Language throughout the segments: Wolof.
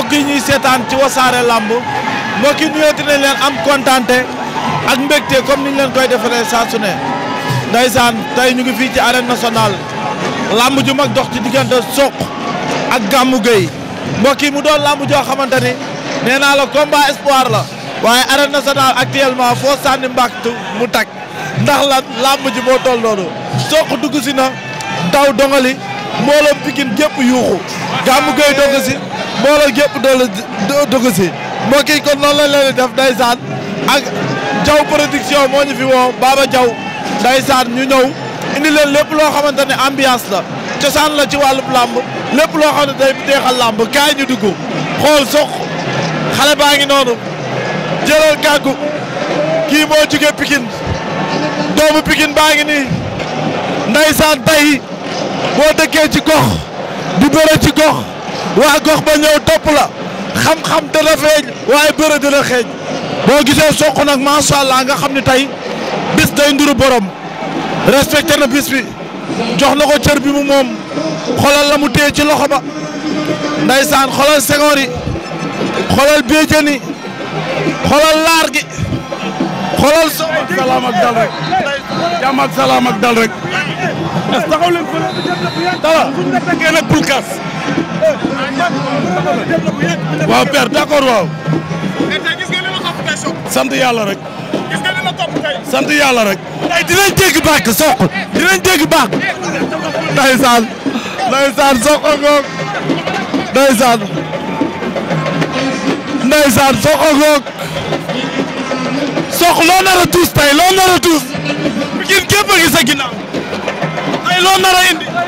mbokk yi ñuy seetaan ci wasaare lamb mbokk yi nuyooti nañ leen am kontante ak mbégte comme ni leen koy defaree saa ne ndaysaan tey ñu ngi fii ci arène nationale làmb ju mag dox ci diggante soq ak Gamou Gueye mbokk yi mu doon làmb joo xamante ni nee naa la combat espoir la waaye arène nationale actuellement foo sànni mbàktu mu takk ndax la lamb ji moo toll noonu Sokh dugg si na daw dongali mbooloo Pikine gépp yuuxu Gamou Gueye dogg si mbooloo gépp doole dugg si mbokk yi kon noonu lañ leen def ndeysaan ak jaw production moo ñu fi woo Baba Jaw ndeysaan ñu ñëw indi leen lépp loo xamante ne ambiance la cosaan la ci wàllub làmb lépp loo xam ne day deexal làmb kaay ñu dugg xool sox xale baa ngi noonu jëlal kàggu kii moo jóge Pikine doomu Pikine baa ngi nii ndeysaan tey boo dëkkee ci gox di bëre ci gox waa gox ba ñëw topp la xam-xam dana feeñ waaye bëre dana xeeñ boo gisee soq nag macha allah nga xam ni tey bis day nduru borom respecté na bis bi jox na ko cër bi mu moom xolal la mu téye ci loxo ba ndaysaan xolal sengoor yi xolal béjjën yi xolal laar gi xolal so salaam dal rek jàmm ak dal rek waaw père d'accord waaw. sant yàlla rek. sant yàlla rek. tey dinañ dégg bàq soq. dinañ dégg bàq. ndeysaan ndeysaan soq ngoog ndeysaan ndeysaan soq ngoog soq loo nar tuus tey loo nar tuus. Pikine képp a ngi sa ginnaaw tey loo nar a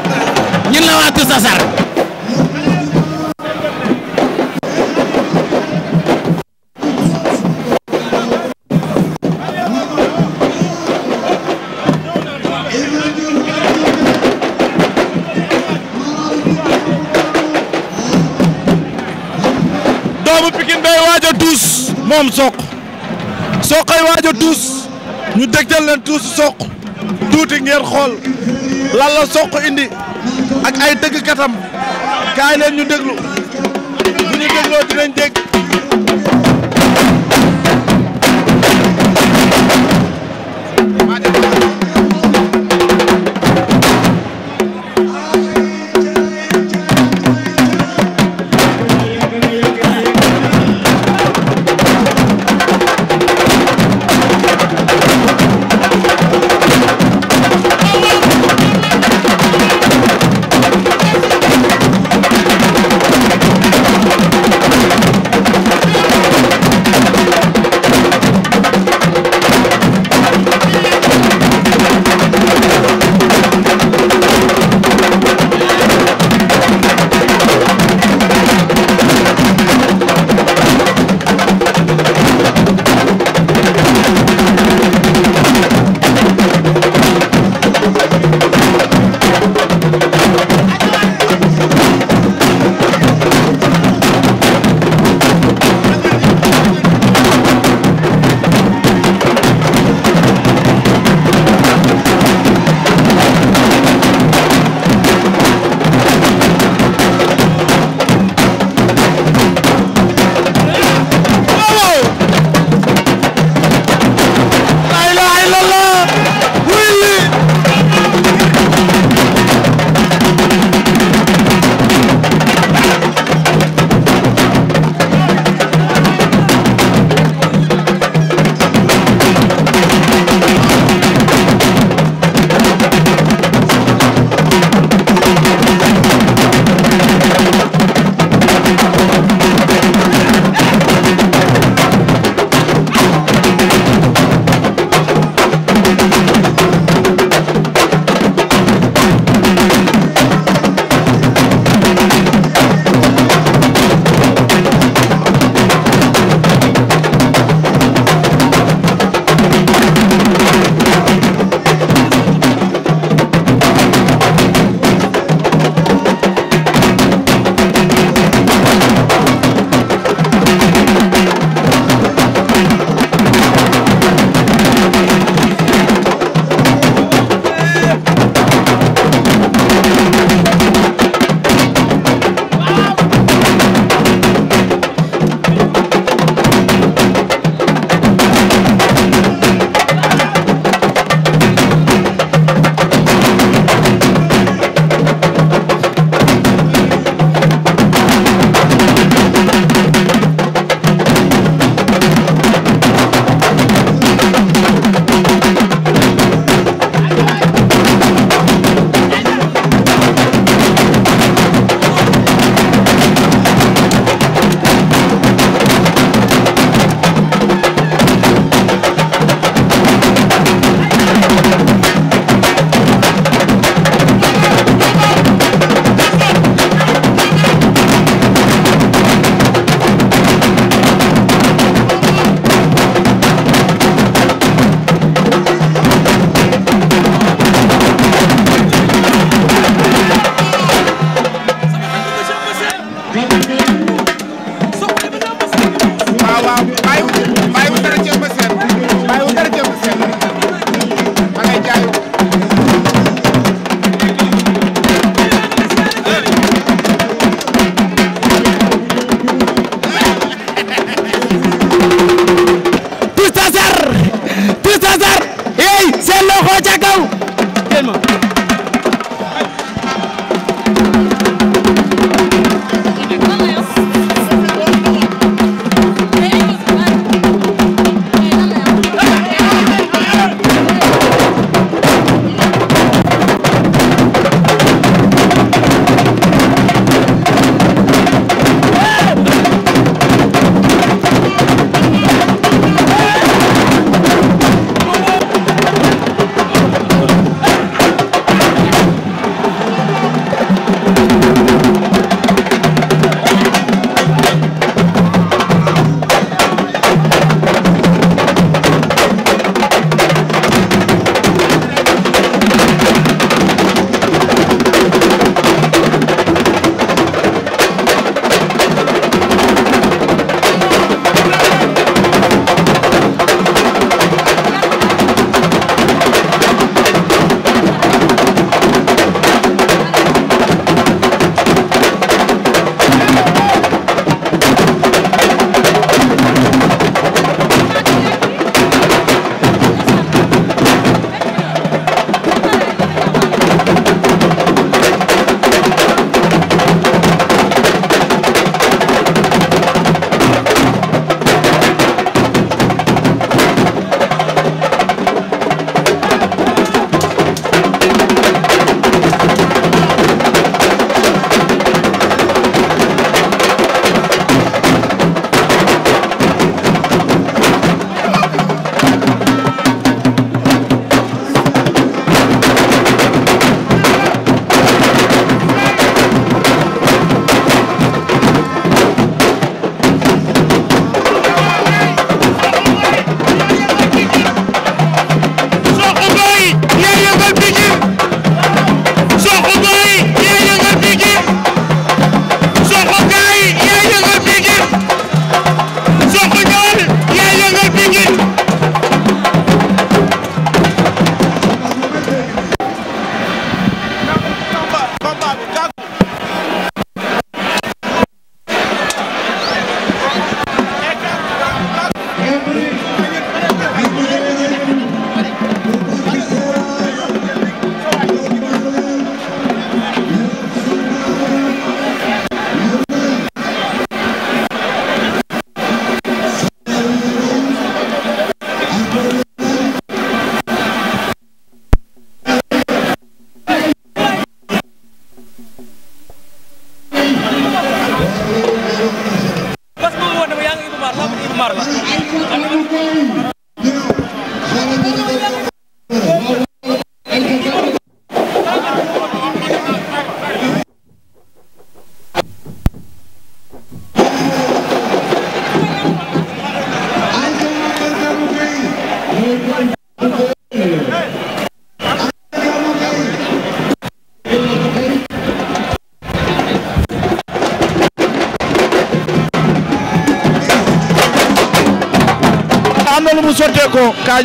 na waa Tasasar doomu Pikine bay waaj tuus moom soq soqay waaj tuus ñu dégtal leen tuus soq tuuti ngeen xool lan la soq indi ak ay dëggkatam kaay leen ñu déglu bu ñu dégloo dinañ dégg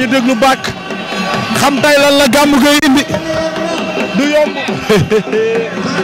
ñu déglu bàkk xam tey lan la Gamou Gueye indi du yomb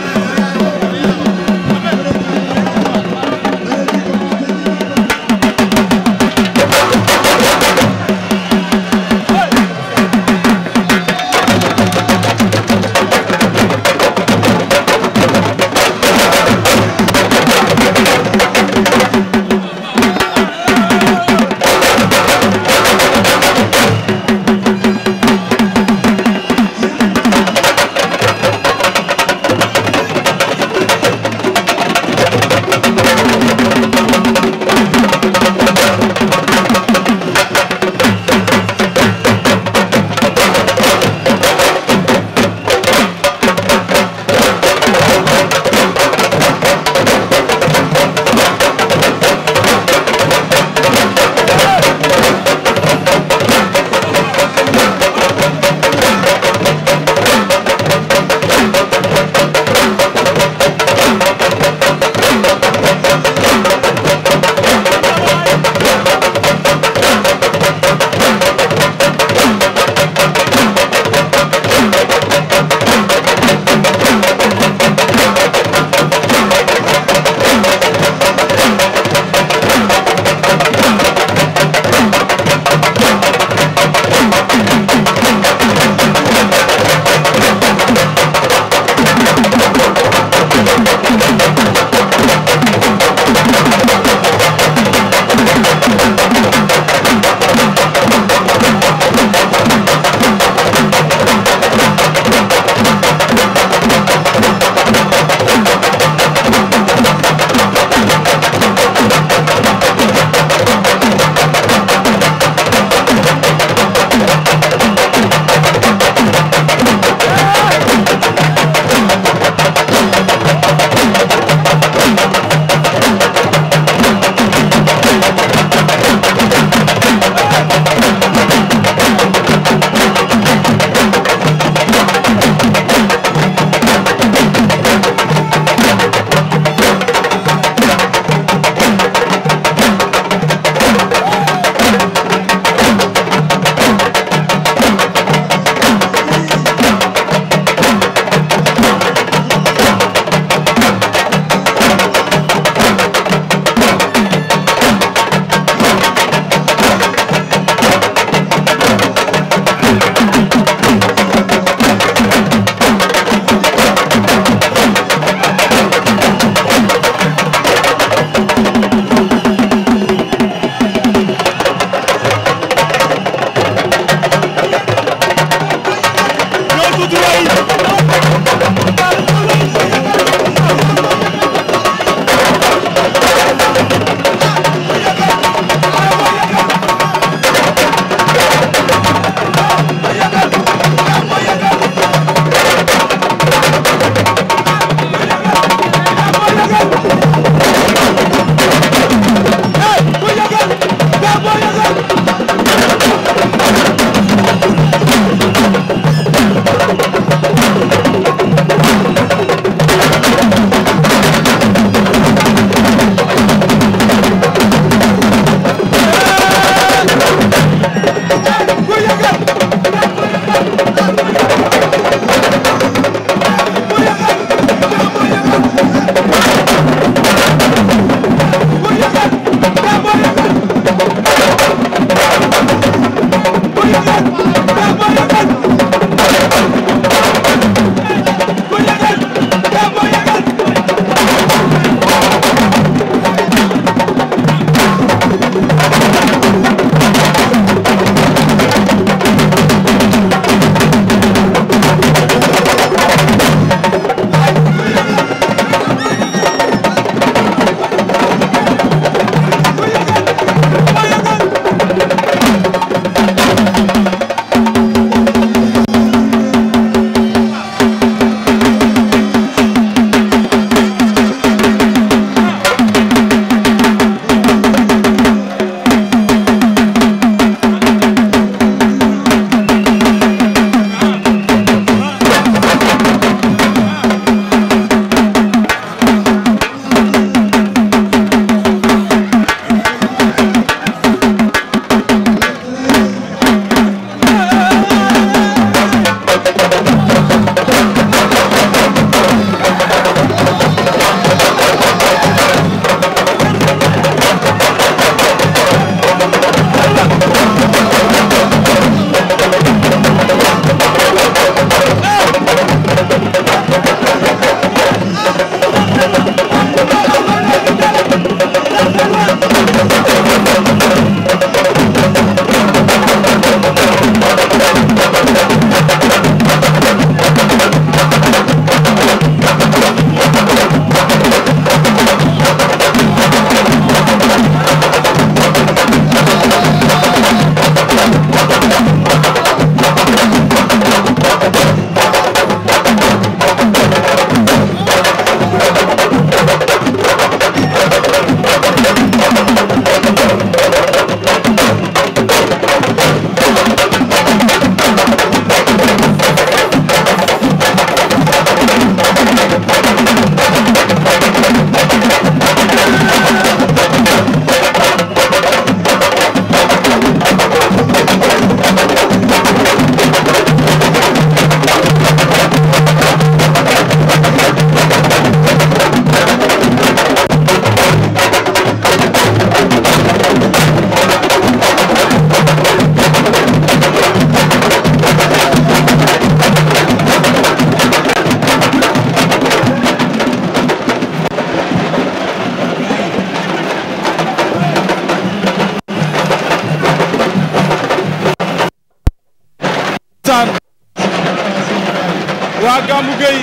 Mamou Gueye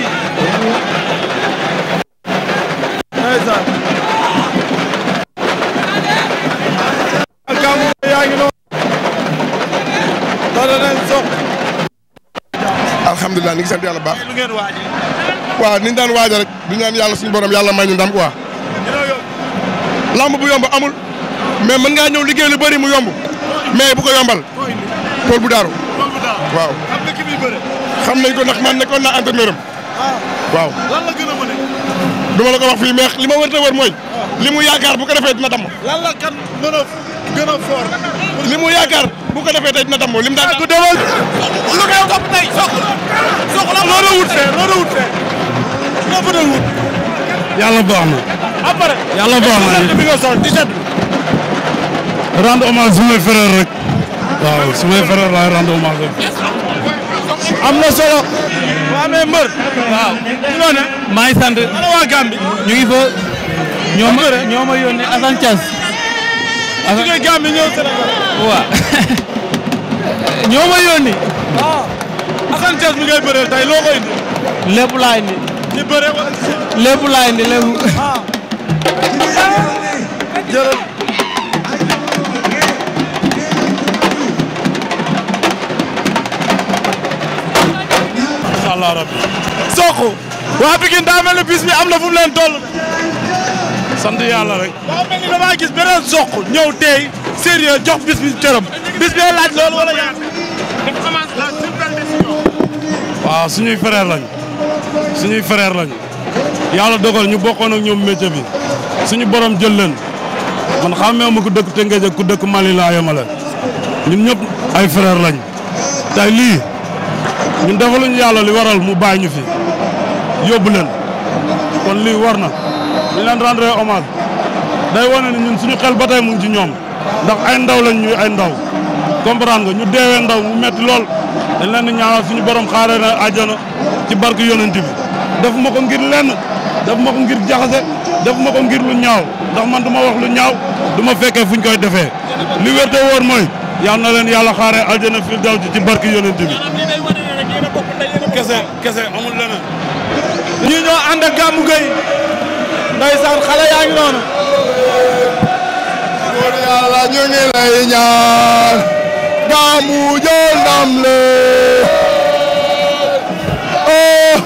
ndeysaan Gamou Gueye yaa ngi noonu dara nañ yàlla baax waaw ni daan waaja rek di ñaan yàlla suñu borom yàlla may ñu ndam quoi lamb bu yomb amul mais mën ngaa ñëw liggéey lu bëri mu yomb mais bu ko yombal tool bu waaw xam nañ ko ndax man nekkoon naa entraîneur am. waaw lan la gën a mën du ma la ko wax fii mais li ma wër te wër mooy. Ah. li mu yaakaar bu ko defee dina damm. lan la kan mën a gën a fort. li mu yaakaar bu ko defee tey dina damm lim daal. Ah, du demal lu koy topp tey soxla. soxla loo doon wut fee loo doon wut fee. loo fa doon wut. yàlla baax na. après yàlla baax na yàlla bi nga soxla di set. rendre hommage sumay frère rek. waaw sumay frère laay rendre hommage rek. am na solo. waaw mais maa ngi sant. ana waa Gambie. ñu ngi fa. ñoo ma eh? ñoo ma yónnee Assane ah. mi ngay bëreel tey loo koy indi. allah waa Pikine daa mel ni bis am na fu leen toll. sant yàlla rek. daa mel ni damaa gis beneen Sokh ñëw tey sérieux jox bis bi cëram. bis bee laaj loolu wala yaa waaw suñuy frère lañ suñuy frère lañ yàlla ñu bokkoon ak ñoom métier bi borom jël leen man xamee ma ku dëkk Tëngéej ak ku dëkk Mali laa yemale ñun ñëpp ay frère lañ tey lii ñun defaluñu yàlla li waral mu bàyyi ñu fi yóbbu leen kon lii war na ñu leen rendre hommage day wane ni ñun suñu xel ba tey mu ngi ci ñoom ndax ay ndaw lañ ñuy ay ndaw comprendre nga ñu deewee ndaw mu metti lool dañ leen di ñaanal suñu borom xaaree na àjjana ci barke yonent bi def ma ko ngir lenn def ko ngir jaxase def ma ko ngir lu ñaaw ndax man du ma wax lu ñaaw du ma fekkee fuñ koy defee li wér te mooy yal na leen yàlla xaaree àjjana fil daw ci barke yonent bi kese kese amul leneen. ñii ñoo ànd ak Gamou Gueye ndeysaan xale yaa ngi noonu. góor yàlla ñu ngi lay ñaan. Gamou jël ndam le. oh.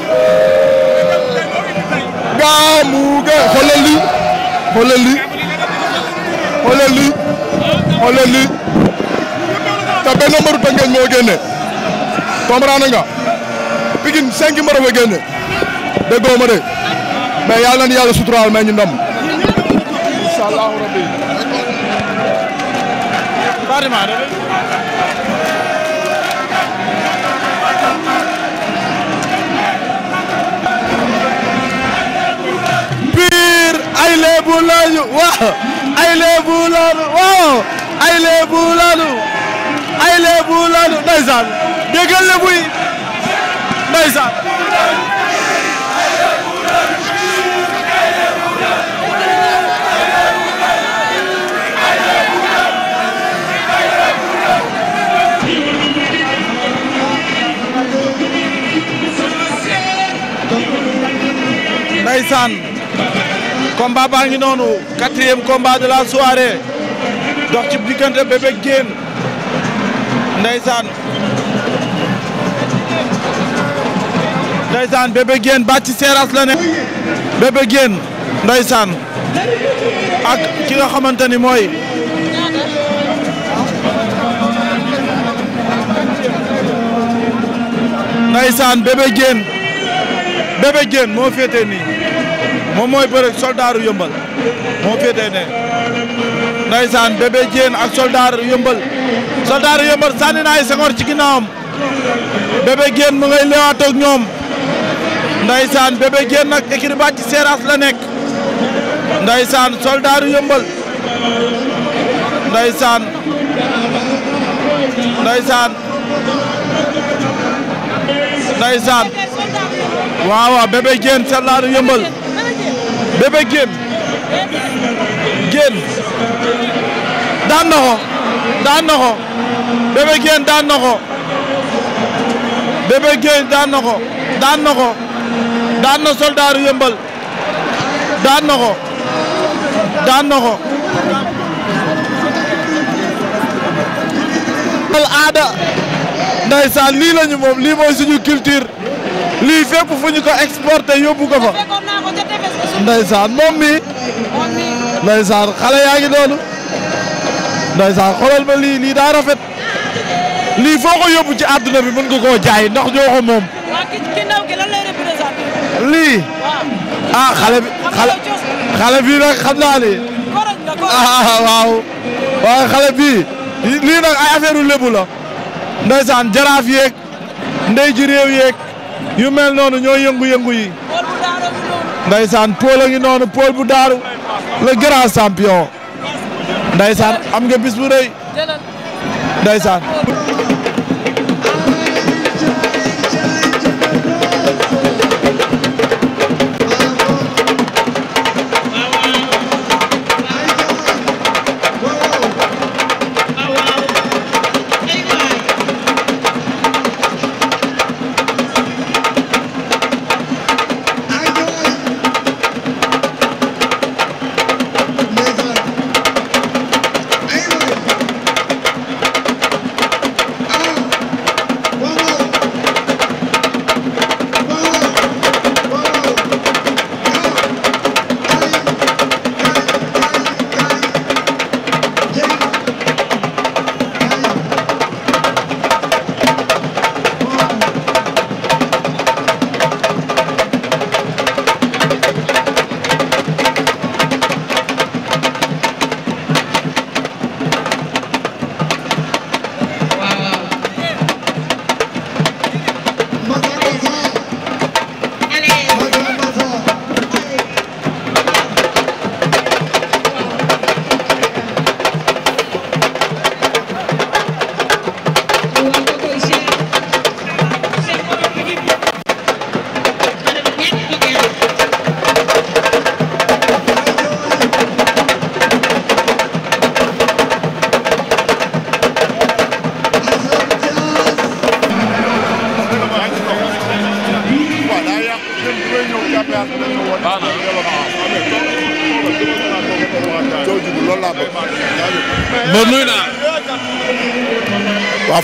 Gamou Gueye xoolal lii xoolal lii xoolal lii xoolal lii te benn mbaru tënkeeñ moo nga. Pikine cinq mbër fa génne déggoo ma de mais yal na yàlla suturaal may ñu ndam incha allahu rabbi piir ay léebu lañu waaw ay léebu lañu waaw ay léebu lañu ay léebu lañu ndeysaan déggal léebu yi ndeysaan ndeysaan combat baa ngi noonu quatrième combat de la soirée dox ci diggante Bébé Diène ndeysaan ndeysaan bébé Guène bàcc seeraas la ne bébé Guène ak ki nga xamante ni mooy ndeysaan bébé Guène bébé moo féetee nii moom mooy bërëg soldaaru yëmbal moo féetee ne ndeysaan bébé ak soldaar yëmbal soldaar yëmbal sànni na sengoor ci ginnaawam bébé Diène mu ngay leewaatoog ñoom Ndaysaan Bébé Diène nag écurie Bathie la nekk Ndaysaan soldaaru yëmbal Ndaysaan Ndaysaan Ndaysaan waaw waaw Bébé Diène soldaaru yëmbal Bébé Diène Diène daan na daan na Bébé Diène daan na daan na daan na daan na soldaaru yëmbal daan na ko daan na ko al aada ndeysaan lii lañu moom lii mooy suñu culture lii fépp fu ñu ko exporté yóbbu ko fa ndeysaan moom mi ndeysaan xale yaa ngi noonu ndeysaan xoolal ma lii lii daa rafet lii foo ko yóbbu ci adduna bi mën nga koo jaay ndax ñoo ko moom lii. waaw ah bii nag xam naa ne. koroñ la waaw. waaye xale bii lii nag ay affaire yu lébu la. ndeysaan jaraaf yeeg ndey ji réew yeeg yu mel noonu ñoo yëngu-yëngu yi. ndeysaan Paul a ngi noonu Paul bu daaru le grand champion. ndeysaan am nga bis bu rëy. ndeysaan.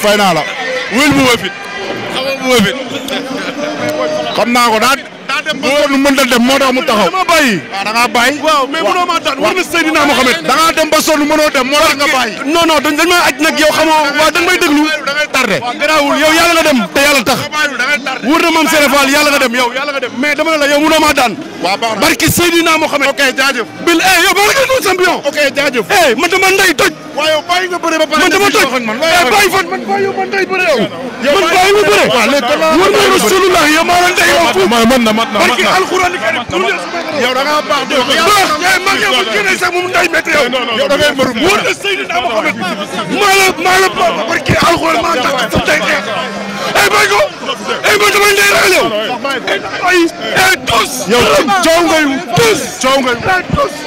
fay naa la. wéyul bu ma fit. xam nga bu ma fit. xam naa ko daa daa dem ba mu dem moo tax mu taxaw. dama bàyyi. waaw ah, da ngaa bàyyi. waaw mais mënoo maa daan war na Seydina Mohamed. da dem ba sonn mënoo dem moo tax nga bàyyi. non non dañ dañ may aj nag yow xamoo da ngay tardé garaawul yow yàlla nga dem te yàlla tax. wóor na maam Sëriñ Fall nga dem yow yàlla nga dem mais dama ne la yow mënoo maa daan. waaw baax na barki Seydina Mohamed. ok jaajëf. bil eh yow ba nga doon champion. ok jaajëf eh, toj waaye yow bàyyi nga bëre ba pare. man dama toj man bàyyi fan man bàyyi man day bëre yow. man bàyyi ma bëre. waaw léegi damaa war na rasulullah yow maa leen tey yow fu. man man na mat na mat na alxuraan karim pour yow da ngaa baax yow mag yow bu keneen sax moom day métti yow. yow da ngay mërum war na Seydina Mohamed maa la maa la baax barki alxuraan maa tax sa tey xeex ay bay ko ay bay damay ndey ragal yow ay ay tous yow coow ngay tous coow ngay tous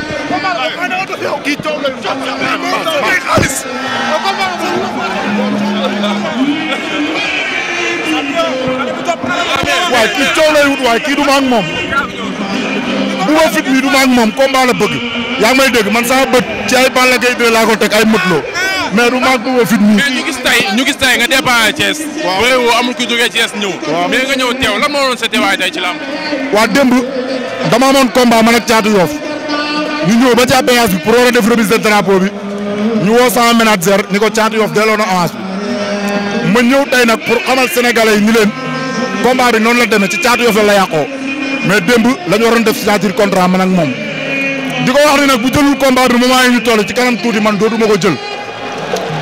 kii coow lañu ko xaalis. waaye kii coow lay wut waaye kii du moom bu ma fit moom combat la bëgg. yaa may dégg man sama bët ci ay Balla Gaye 2 laa ko teg ay mët loo mais du mag bu ma ñu gis tey ñu gis nga départ Thiès. waaw bu dee amul ku jógee Thiès ñëw. waaw mais nga ñëw teew lan moo doon sa teewaay tey ci lamb. waa démb dama amoon combat man ak Caatu Yoof ñu ñëw ba ci abéance bi pour war a def remise de drapeau ñu woo sama ni ko Thiatou Yoff delloo na avance bi ma ñëw tey nag pour xamal sénégalais yi ni leen noonu la demee ci Thiatou Yoff la la yàqoo mais démb la ñu waroon def signature contrat man ak moom. di ko wax ni nag bu jëlul combat bi moment yi ñu toll ci kanam tuuti man dootuma ko jël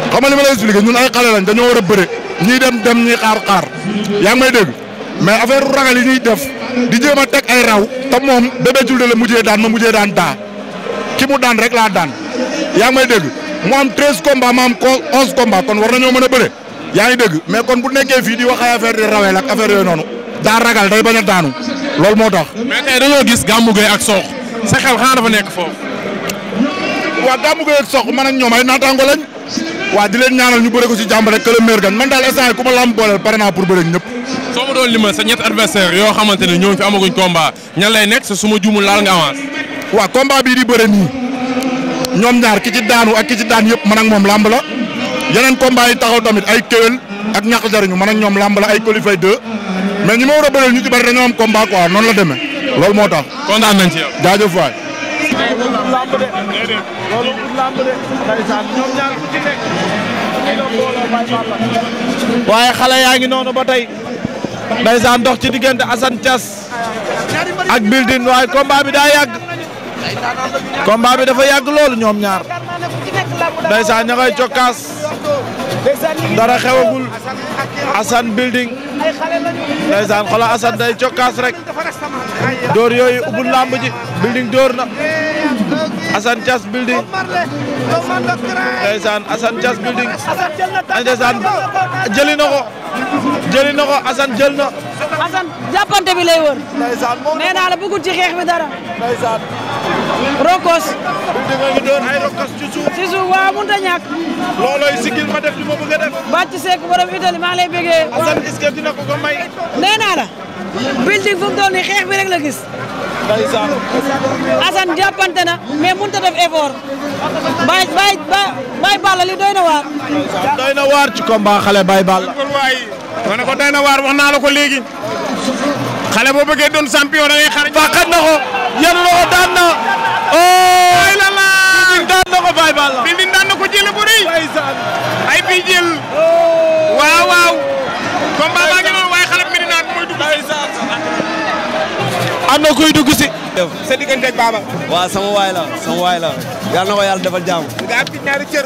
xam nga li ma lay expliqué ñun ay xale lañ dañoo war a bëre ñii dem dem ñii xaar xaar yaa ngi may dégg mais affaire ragal ñuy def di jéem a teg ay raw te moom Bébé Diouldé la mujjee daan ma mujjee ki mu daan rek laa daan yaa ngi may dégg mu am treize combats ma am onze combats kon war nañoo mën a bëre yaa ngi dégg mais kon bu nekkee fii di wax ay affaire di raweel ak affaire yooyu noonu daa ragal day bañ daanu loolu moo tax. mais tey dañoo gis Gamou Gueye ak Sokh sa xel xanaa dafa nekk foofu. waa Gamou Gueye ak Sokh man ak ñoom ay naataango lañ. waa di leen ñaanal ñu bëre ko ci jàmm rek que a meilleur gagne man daal instant yii ku booleel pare naa pour bëre yoo xamante ne ñoo fi amaguñ combat ñan lay nekk suma juumul laal waaw combat bii di bëre nii ñoom ñaar ki ci daanu ak ki daan yëpp man moom làmb la yeneen combat yi taxaw tamit ay kéwél ak ñàkk jariñu man ñoom làmb la ay qualifié deux mais ñi ma war a bëreel ñu ci bëri dañoo am combat quoi noonu la deme loolu moo tax. kontaan nañ ci yow. jaajëf waay. waaye xale yaa ngi noonu ba tey. ndeysaan dox ci diggante Assane Thiass ak Building waaye combat bi daa yàgg combat bi dafa yàgg loolu ñoom ñaar ndeysaan ña ngay cokkaas dara xewagul Assane building ndeysaan xoolal Assane day cokkaas rek dóor yooyu ubbu làmb ji building dóor na Assane Thiass building ndeysaan Assane Thiass building ndeysaan jëli na ko jëli na ko rokos ñu doon ay rokos ci suuf ci suuf waaw mënut a ñàkk loolooy sigil ma def li ma bëgg a def bàcc seek borom itali maa ngi lay bëggee Assane est-ce que dina ko ko may nee naa la building fu mu toll nii xeex bi rek la gis ndeysaan Assane jàppante na mais mënut a def effort bay bay bay balla li doy na waar doy na waar ci combat xale bay balla waay ma ne ko doy na waar wax naa la ko léegi xale boo bëggee doon champion da ngay xar. fàqat na ko yanu na ko daan na. waay oh! la la ay bii jël. Oh! waaw waaw. comme xale bi mi di naan mooy am na kuy dugg si. sa diggante ak Baba. sama waay la sama waay la. yàlla na defal jàmm. nga am ak cër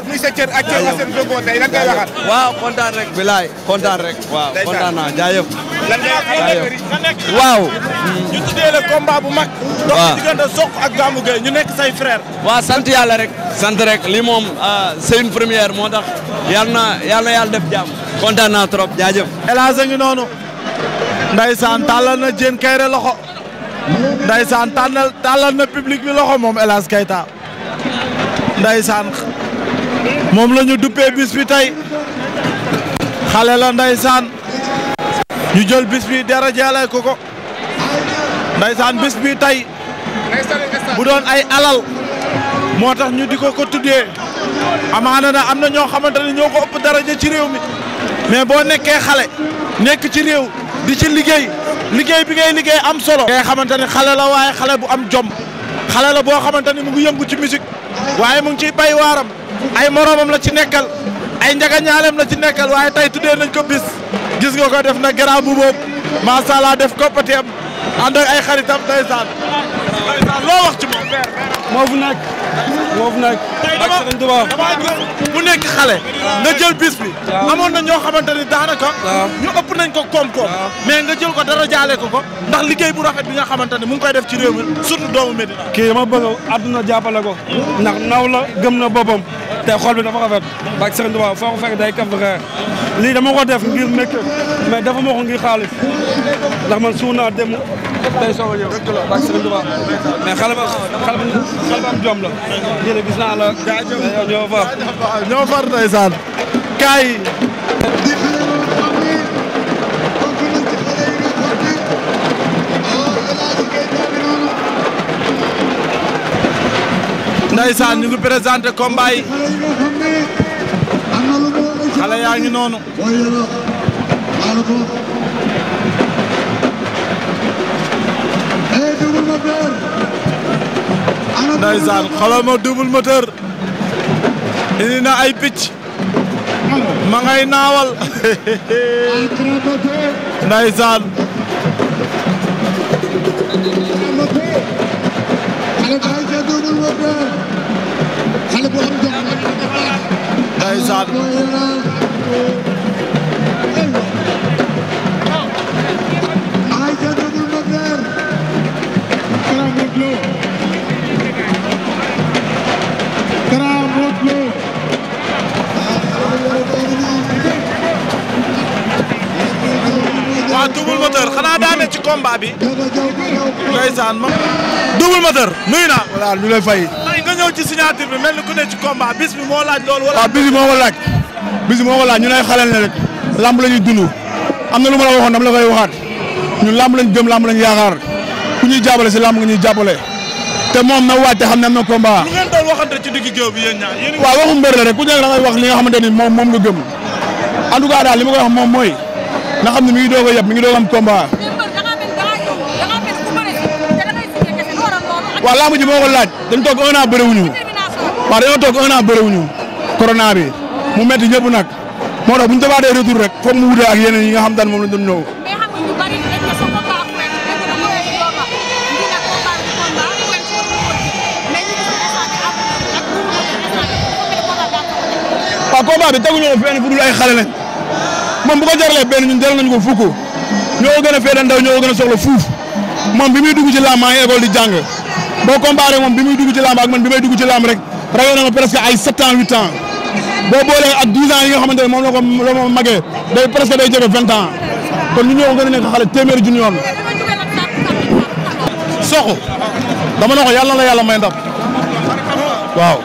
nga seen dogoo tey lan ngay waxaat. waaw kontaan rek. bilaay kontaan rek. waaw kontaan naa jaajëf. waaw. ñu tuddee le bu mag. waaw dox ci diggante Sokh ak Gamou Gueye ñu nekk say frère. waaw sant yàlla rek. sant rek lii moom ah, c'est une première moo tax yàlla na yàlla yàlla def jàmm. kontaan naa trop jaajëf. El ngi noonu. ndeysaan tàllal na Diène Kairé loxo. ndaysaan tànnal tàllal na public bi loxo moom El Hadj Keita ndaysaan moom la ñu duppee bis bi tey xale la ndaysaan ñu jël bis bi dara jeelay ko ko ndaysaan bis bi tey bu doon ay alal moo tax ñu di ko ko tuddee amaana na am na ñoo xamante ne ñoo ko ëpp daraja ci réew mi mais boo nekkee xale nekk ci réew di ci liggéey liggéey bi ngay liggéey am solo. ngay xamante ne xale la waaye xale bu am jom xale la boo xamante ni mu ngi yëngu ci musique waaye mu ngi ciy bay waaram ay moromam la ci nekkal ay njagañaaleem la ci nekkal waaye tey tuddee nañ ko bis gis nga ko def na garab bu boobu macha def koppati am ay xaritam ndeysaan loo wax ci moom. moo fu nekk. foofu nag. ak Serigne Touba mu nekk xale. nga jël bis bi. amoon na ñoo xamante ni daanaka. ñu ëpp nañ ko koom-koom. mais nga jël ko dara jaale ko ko. ndax liggéey bu rafet bi nga xamante ni mu koy def ci réew mi surtout doomu Medina. kii dama bëgg àdduna jàppale ko. ndax naw la gëm na boppam. te xol bi dafa rafet. ak Serigne Touba foo ko fekk day kaf reer. lii dama ko def ngir nekk mais dafa ma ko ngir xaalis ndax man suuna naa dem tey soog a ñëw. dëgg la ak Serigne Touba mais xale ba xale ba xale la. jërëjëf gis naa la. jaajëf ñoo far ñoo far ndeysaan kaay ngi présenté combat yi yaa ngi noonu. ndeysaan xoolal ma double moteur indi na ay picc ma ngay naawal ndeysaan ndeysaan xanaa daa ne ci combat bi. ndeysaan ma. Double Moteur nuyu naa. voilà ñu lay fay. tey nga ñëw ci signature bi mel ni ku ne ci combat bis bi moo laaj loolu. wala waaw bis bi moo ko laaj. ñu lay xaleel ne rek. lamb la ñuy dund. am na lu ma la waxoon dama la koy waxaat. ñu lamb lañ gëm lamb lañ yaakaar ku ñuy jàppale si lamb nga ñuy jàppale. te moom na waaj te xam ne am na combat. lu ngeen doon waxante ci digg bi yéen ñaar. waaw waxu rek ku nekk da ngay wax li nga xamante ni moom moom nga gëm. en tout cas li ma koy wax moom mooy na xam ne mi ngi doog yab mi ngi doog am combat. waaw làmb ji laaj dañ toog un an bëriwuñu waaw dañoo toog un an bëriwuñu corona mu metti ñëpp nag moo tax bu ñu dabaatee retour rek foog mu wutee ak yeneen yi nga xam daan moom la doon ñëw. waaw combat bi teguñu ko fenn fu dul ay xale lañ. moom bu ko jaralee benn ñun jaral nañu ko fukk ñoo ko gën a féete ndaw ñoo gën a soxla fuuf moom bi muy dugg ci làmb maa ngi di jàng boo comparé moom bi muy dugg ci làmb ak man bi may dugg ci làmb rek rawee na ma presque ay 7 ans 8 ans boo boolee ak 10 ans yi nga xamante ne moom la ko la ma magee day presque day jege 20 ans kon ñu ñoo gën a nekk xale téeméeri junni yoon. soxu dama ne ko yàlla na la yàlla may ndam waaw.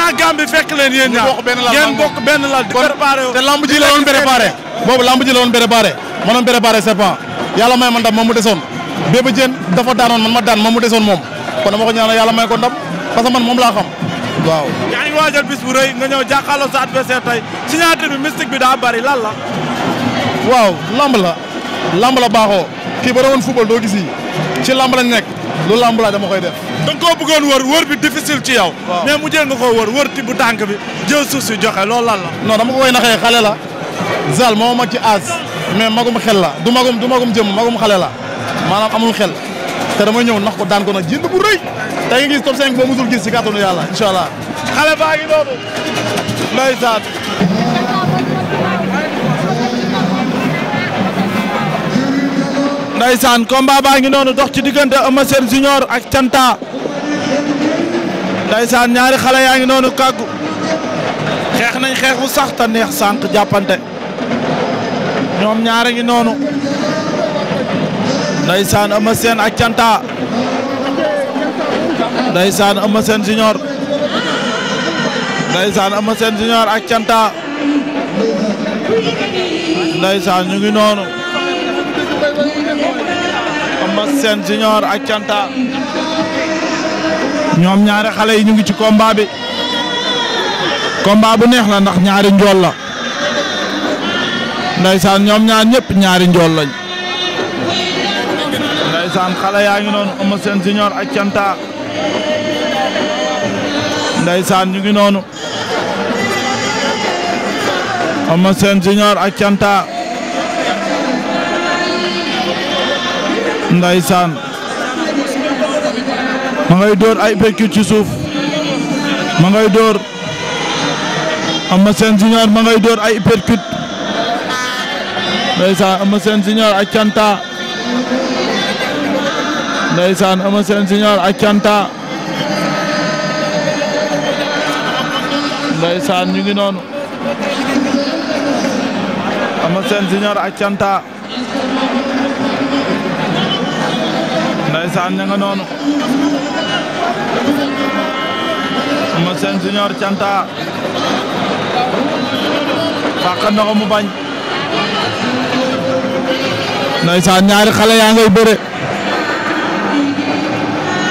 xanaa Gambie fekk leen yéen ñaar ngeen bokk benn lal di préparé te lamb ji la woon boobu lamb ji la woon préparé ma doon préparé c'est pas may ma ndam mu desoon Bébé Diène dafa daanoon man ma daan moom mu desoon moom kon dama ko ñaanal yàlla may ko ndam parce que man moom laa xam waaw yaa ngi waajal bis bu rëy nga ñëw jàkkaarloo sa adversaire tey signature bi mystique bi daa bari lan la waaw lamb la lamb la baaxoo kii ba doon football doo gis yi la lamb lañ nekk lu lamb laa dama koy def dan nga koo bëggoon wër wër bi difficile ci yow. mais mu jël nga koo wër wër ti bu tànk bi jël suuf si joxe loolu lan la. non dama ko koy naxee xale la. Zal moo ma ci aas mais magum xel la du magum du magum xale la maanaam amul xel te dama ñëw nax ko daan ko nag jënd bu rëy. tey nga gis top 5 boo musul gis si kàttanu yàlla incha allah. xale baa ngi noonu. ndeysaan. ndeysaan baa ngi noonu dox ci diggante Eumeu Sène Junior ak Thianta. ndaysaan ñaari xale yaa ngi noonu kàggu xeex nañ xeex bu sax te neex sànq jàppante ñoom ñaari ngi noonu ndaysaan Eumeu seen ak Thianta saan Eumeu Sène junior ndaysaan Eumeu Sène junior ak Thianta ndaysaan ñu ngi noonu Eumeu Sène junior ak Thianta ñoom ñaari xale yi ñu ngi ci kombaa bi combat bu neex la ndax ñaari njool la ndaysaan ñoom ñaar ñépp ñaari njool lañ ndaysaan xale yaa ngi noonu Eumeu Sène Junior ak Thianta ndaysaan ñu ngi noonu Eumeu Sène Junior ndaysaan ma ngay dóor ay percute ci suuf ma ngay dóor Eumeu Sène Junior ma ngay dóor ay percute ndeysaan Eumeu Sène Junior ak canta ndeysaan Eumeu Sène Junior ak canta ndeysaan ñu ngi noonu Eumeu Sène Junior ak canta ndeysaan ña nga noonu Eumeu Sène Junior Thianta fàq na mu bañ ndeysaan ñaari xale yaa ngay bëre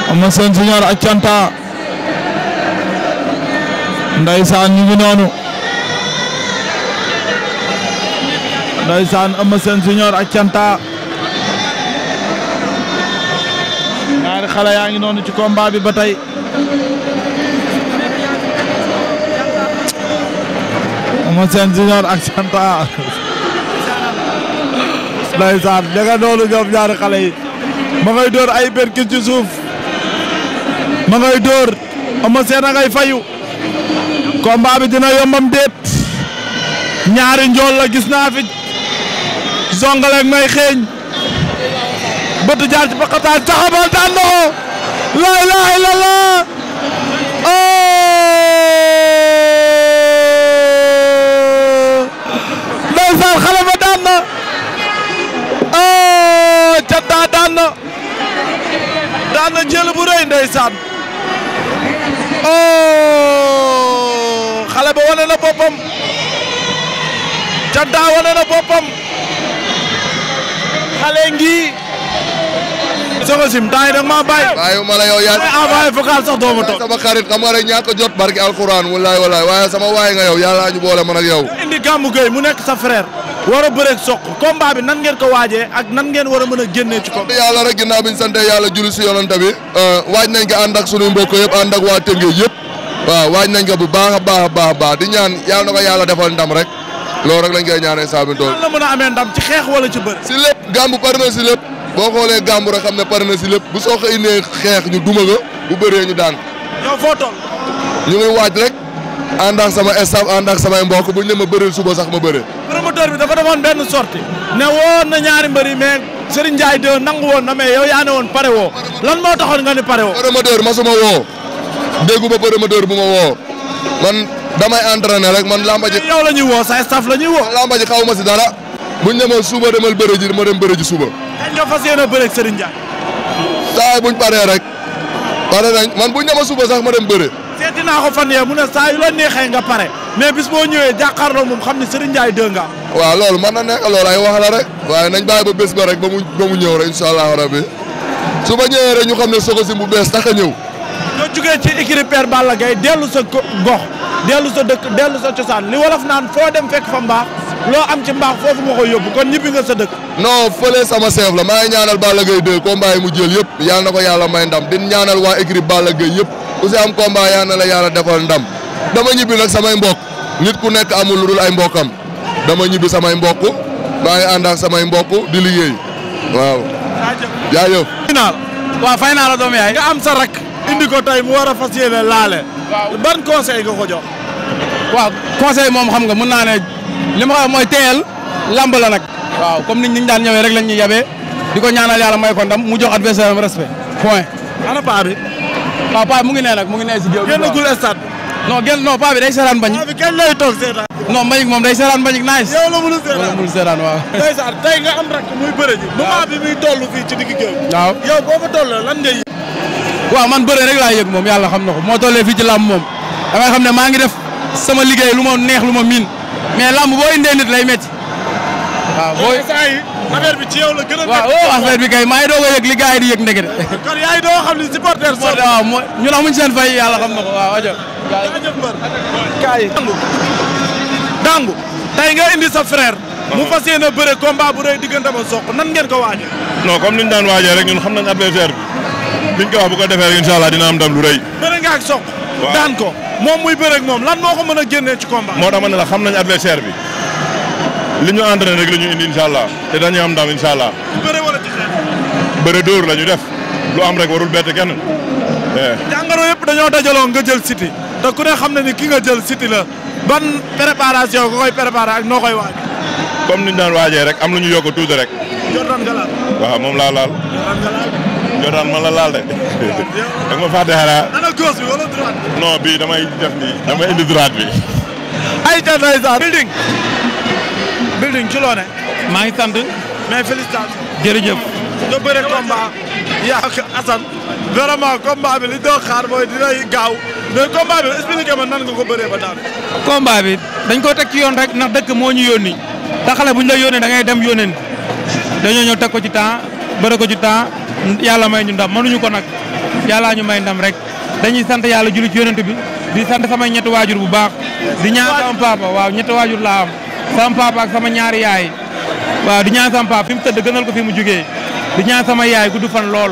Eumeu Sène Junior ak Thianta ndeysaan ñu ngi noonu ndeysaan Eumeu Sène Junior ak Thianta xale yaa ngi noonu ci combat bi ba tey Eumeu ñaari xale yi ma ngay dóor ay berkil ci suuf ma ngay dóor Eumeu Sène a ngay fayu combat bi dina yombam déet ñaari njool la gis naa fi may xeeñ bëtt jaar ci paqataan taxabal daan na ko la ilaha illallah ndeysaan xale ba daan na caddaa daan na daan na jël bu rëy ndeysaan xale ba wane na boppam caddaa wane na boppam xale ngi Soko Sim temps yi da nga maa bàyyi. bàyyi ma la yow yaa envoyé vocal sax doo ma toog sama xarit xam nga rek ñàkk a jot barki alquran walaay walaay waaye sama waay nga yow yàlla ñu boole man ak yow. indi Gamou Gueye mu nekk sa frère. war a bëreeg soq combat bi nan ngeen ko waajee ak nan ngeen war a a génnee ci ko yàlla rek ginnaaw bi ñu sante yàlla julli si yonante bi euh, waaj nañ ko ànd sunu mbokk yëpp ànd waa Tëngéej yëpp waaw waaj nañ ko bu baax a baax a a boo xoolee gàmbu xam ne pare na si lépp bu sooxe indee xeex ñu duma nga bu bëree ñu daan. yow foo toll. ñu ngi waaj rek ànd ak sama staff ànd ak samay mbokk bu ñu ma bëri suba sax ma bëree. promoteur bi dafa demoon benn sortie ne woon na ñaari mbëri mais Serigne Ndiaye de nangu woon na mais yow yaa ne woon pare woo lan moo taxoon nga ne pare woo. promoteur masuma woo déggu ba promoteur bu ma woo man damay entraîné rek man lamba ji. la ñuy woo sa staff la ñuy woo. lamba ji xaw ma si dara bu ñu demoon suba demal bëre ji ma dem bëre ji suba. dañ nga fas yéene bëre ak saa yi buñ paree rek. pare nañ man buñ demee suba sax ma dem bëre. seeti naa ko fan yee mu ne saa yu la neexee nga pare mais bis boo ñëwee jàkkaarloo moom xam ne Serigne Ndiaye dëgg nga. waaw loolu mën na nekk loolu ay wax la rek. waaye nañ bàyyi ba bés ba rek ba mu ba ñëw rek incha allah rabi su ma ñëwee rek ñu xam ne Sococim bu bees tax a ñëw. ñoo jugee ci écurie Père Balla Gaye dellu sa gox dellu sa dëkk dellu sa cosaan li wolof naan foo dem fekk fa mbaax loo am ci mbaax foofu nga koy yóbbu kon ñibbi nga sa dëkk. non fële sama chef la maa ngi ñaanal Balla Gaye 2 combat yi mu jël yëpp yal na ko yàlla may ndam di ñaanal waa écurie Balla Gaye yëpp ku si am combat yal na la yàlla defal ndam dama ñibbi nag samay mbokk nit ku nekk amul lu dul ay mbokkam dama ñibbi sama mbokk maa ngi ànd ak samay mbokk di liggéey waaw. jaajëf final fay naa la doom yaay. nga am sa rak indi ko tey mu war a fas laale. ban conseil li ma wax mooy teel lamb la nag. waaw comme niñ ñu daan ñawee rek la ñu yabee di ko ñaanal yàlla may ko ndam mu jox adversaire respect point. ana paa mu ngi nee nag mu ngi nee si géew bi. génnagul stade non génn non day seeraan bañ. paa mbañik moom day seeraan mbañik nice. yow la mënul seeraan la mënul seeraan waaw. ndeysaan tey nga man bëre rek laa yëg moom yàlla xam na ko moo tollee fii ci làmb moom dangay xam ne maa ngi def sama liggéey lu ma neex lu ma miin mais lamb boo indee nit lay métti. waaw booy affaire bi ci yow la gën a. Oh, affaire bi kay maa ngi doog a yëg li gars yi di yëg ndekete. kon yaa ngi doog xam ni supporter so waaw mooy ñun amuñ seen fay yàlla xam na ko waaw rajo. jaajëf mbër dangu dangu nga indi sa frère. mu fas yéene bëre combat bu rëy diggante ma soq nan ngeen ko waajee. non comme ni ñu daan waaja rek ñun xam nañ adversaire bi. biñ ko wax bu ko defee rek incha allah dina am ndam lu rëy. bëre nga ak soq. daan ko. moom muy bëreeg moom lan moo ko mën a génnee ci combat. moo tax ma ne la xam nañ adversaire bi li ñu entraîné rek la ñu indi incha allah te dañuy am ndam incha allah. bëre wala ci xeex. bëre dóor ñu def lu am rek warul bett kenn. Eh. jàngoro yëpp dañoo dajaloo nga jël Siteu te ku ne xam na ni ki nga jël Siteu la ban préparation nga koy préparé ak noo koy waaj. comme ni ñu daan waajee rek am lu ñu yokk tuuti rek. jot nga laal. waaw moom laa laal. jotaan ma la laal de. bii damay def nii damay indi droite bi. ay jànday sax. building. building ci loo maa ngi sant. mais félicitations. jërëjëf. nga bëre combat. yaa ak Assane. vraiment combat bi li doon xaar mooy gaaw. mais combat bi expliqué ma nan ko bëree ba daan. combat bi dañ koo teg ci yoon rek ndax dëkk moo ñu yónni. te xale bu ñu la yónnee dangay dem yónneen dañoo ñëw teg ko ci temps bëre ko ci temps. yàlla may ñu ndam ñu ko nag yàllaa ñu may ndam rek dañuy sant yàlla julli ci yonent bi di sant sama ñetti waajur bu baax di ñaan sama papa waaw ñetti waajur laa am sama papa ak sama ñaari yaay waaw di ñaan sama papa fi mu tëdd gënal ko fi mu jógee di ñaan sama yaay gudd fan lool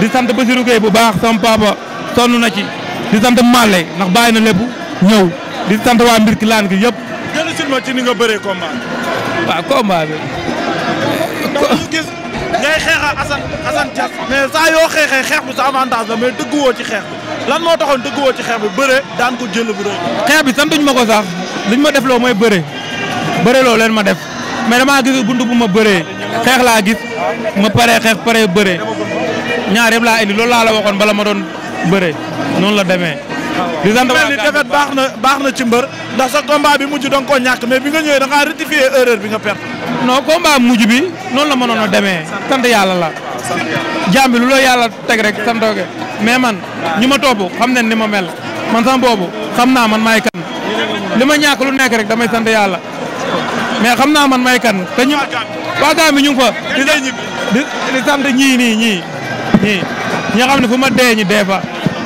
di sant Basirou Gueye bu baax sama papa sonn na ci di sant Malle ndax bàyyi na lépp ñëw di sant waa mbir ki laan gi yëpp. jël ci ni nga bëree ngay xeex ak Assane Assane Dias mais saa yoo xeexee xeex bi sa avantage la mais dëgguwoo ci xeex bi lan moo taxoon dëgguwoo ci xeex bi bëre daan ko jël bu rëy. xeex bi santuñ ma ko sax liñ ma def loo mooy bëre bëre loo leen ma def mais damaa gis buntu bu ma bëree xeex laa gis ma paree xeex paree bëre ñaar laa indi loolu laa la waxoon bala ma doon bëre noonu la demee. di sant mel ni defet baax na baax na ci mbër ndax sa combat bi mujj da nga koo mais bi nga ñëwee da ngaa rectifier erreur bi nga perte. non combat mujj bi noonu la mënoon a demee sant yàlla la. jaam bi lu la yàlla teg rek santooge mais man ñu ma topp xam ne ni ma mel man sama boobu xam naa man maay kan li ma ñàkk lu nekk rek damay sant yàlla mais xam naa man may kan te ñu bi gaa mi ñu ngi fa di di sant ñii nii ñii ñii ñi xam ne fu ma dee ñi dee fa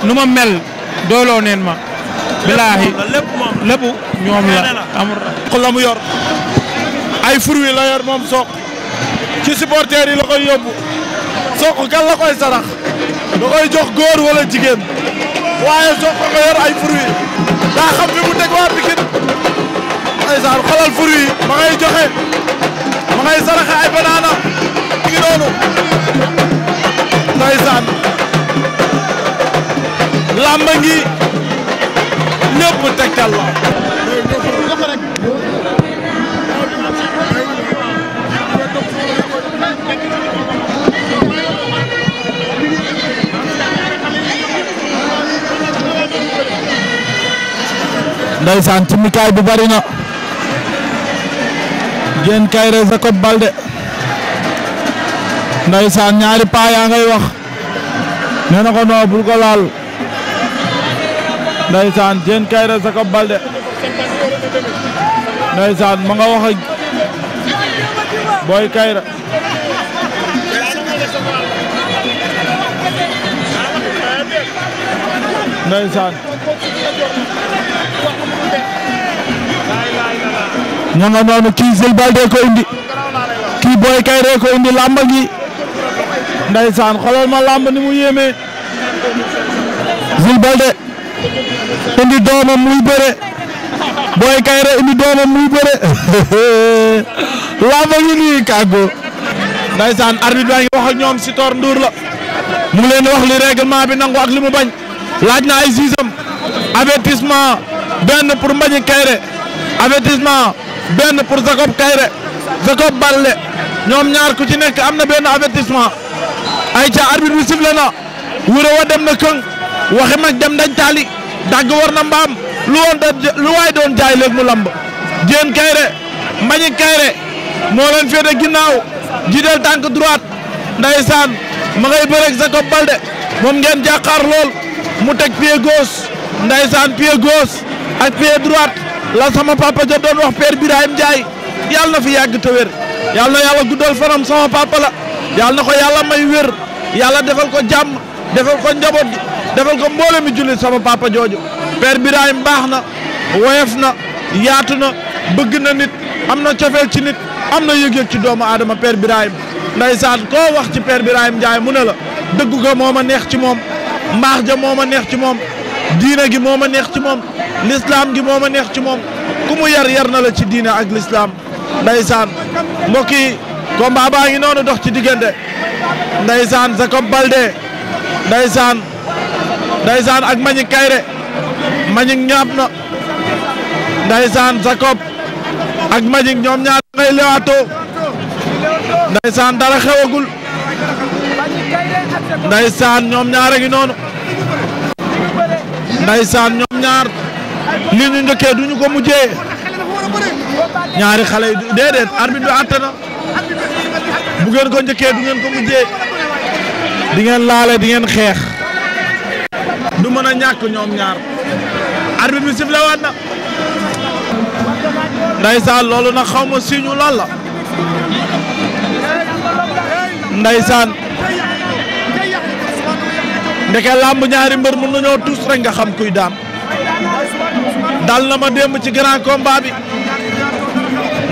nu ma mel. doyloo ma. bilaahi lépp ñoom la amul ko la mu yor ay fruits la yor moom soq ci supporters yi yóbbu soq kan la sarax da jox góor wala jigéen waaye soq ay fruits daa xam fi mu teg waa Pikine ay saan xolal joxe ma saraxe ay banaana mi ngi làmba ngi ñëpp tegtal la ndeysaan ci mikaay bi bari na génn kay re Jacob Baldé ndeysaan ñaari paa ngay wax nee na ko noo bul ko laal Ndeysaan Diène Kaïré Jacob Baldé Ndeysaan ma nga wax ak Boy Kaïré Ndeysaan ña nga noonu kii Jules Baldé ko indi kii Boy Kaïré ko indi làmb gi Ndeysaan xoolal ma làmb ni mu yéeme Jules Baldé indi doomam muy bëre Boy Kaïré indi doomam muy bëre laa ba ngi nii kàggu ndaysaan arbitre baa ngi wax ñoom si toor nduur la mu ngi leen wax li règlement bi nangu ak li mu bañ laaj na ay siisam avertissement benn pour Mbagnick Kaïré avertissement benn pour Jacob Kaïré Jacob Baldé ñoom ñaar ku ci nekk am na benn avertissement ay ca arbitre bi sifflé na wuro wa dem na këng waxi mag dem dañ taali dagg war na mbaam lu waay doon jaay léegi mu lamb jéen kayre mbañi kayre moo leen féete ginnaaw jiital tànk droite ndeysaan ma ngay bëreeg Jacob Baldé moom ngeen jàkkaar lool mu teg pied gauche ndeysaan pied gauche ak pied droite la sama papa ja doon wax père Birahim Ndiaye yàlla na fi yàgg te wér yàlla na yàlla guddal fanam sama papa la yàlla na ko yàlla may wér yàlla defal ko jàmm defal ko njaboot gi defal ko mbooloo mi jullit sama papa jooju père Birahim baax na woyof na yaatu na bëgg na nit am na cofeel ci nit am na yëg-yëg ci doomu aadama père Birahim ndeysaan ko wax ci père Birahim Ndiaye mu ne la dëgg ga moo ma neex ci moom mbaax ja moo ma neex ci moom diine gi moo ma neex ci moom lislaam gi moo ma neex ci moom ku mu yar yar na la ci diine ak lislaam ndeysaan mbokk yi combat baa ngi noonu dox ci diggante ndeysaan Jacob Baldé ndeysaan ndaysaan ak Manick Kayre Manick ñaap na ndaysaan Jacob ak Manick ñoom ñaar ngay lewaatoo ndaysaan dara xewagul ndaysaan ñoom ñaar a ngi noonu ndaysaan ñoom ñaar li ñu njëkkee du ñu ko mujjee ñaari xale yi déedéet bi àtte na bu ko njëkkee du ngeen ko mujjee di ngeen laale di ngeen xeex du mën a ñàkk ñoom ñaar arbitre bi sifflé waat na ndaysaan loolu nag xaw ma siñu lan la ndaysaan ndeke làmb ñaari mbër mën nañoo tous rek nga xam kuy daan dal na ma démb ci grand combat bi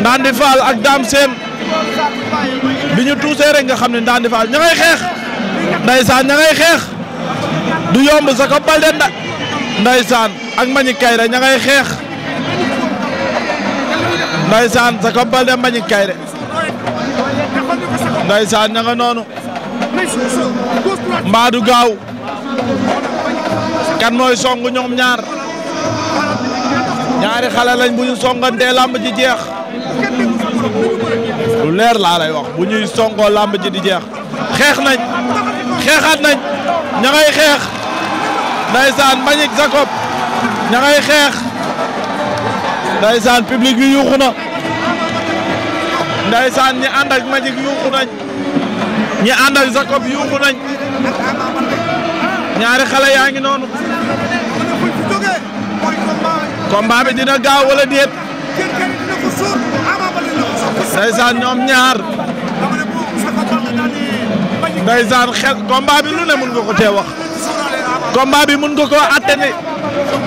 Ndandi Fall ak Dame seen bi ñu tuusee rek nga xam ne Ndandi Fall ña ngay xeex ndaysaan ña xeex du yomb Jacob Baldé nda ndaysaan ak Mbagnick Kaïré ña ngay xeex ndaysaan Jacob Baldé Mbagnick Kaïré ndaysaan ña nga noonu mbaadu gaaw kan mooy song ñoom ñaar ñaari xale lañ bu ñu songantee làmb ji jeex lu leer laa lay wax bu ñuy songoo làmb ji di jeex xeex nañ xeexaat nañ ña xeex ndaysaan Mbagnick Jacob ña ngay xeex ndaysaan public bi yuuxu na ndaysaan ñi ànd ak Mbagnick yuuxu nañ ñi ànd Jacob yuuxu ñaari xale yaa ngi noonu combat bi dina gaaw wala déet ndaysaan ñoom ñaar ndaysaan xel combat bi lu ne mën wax combat bi mun nga koo atte ni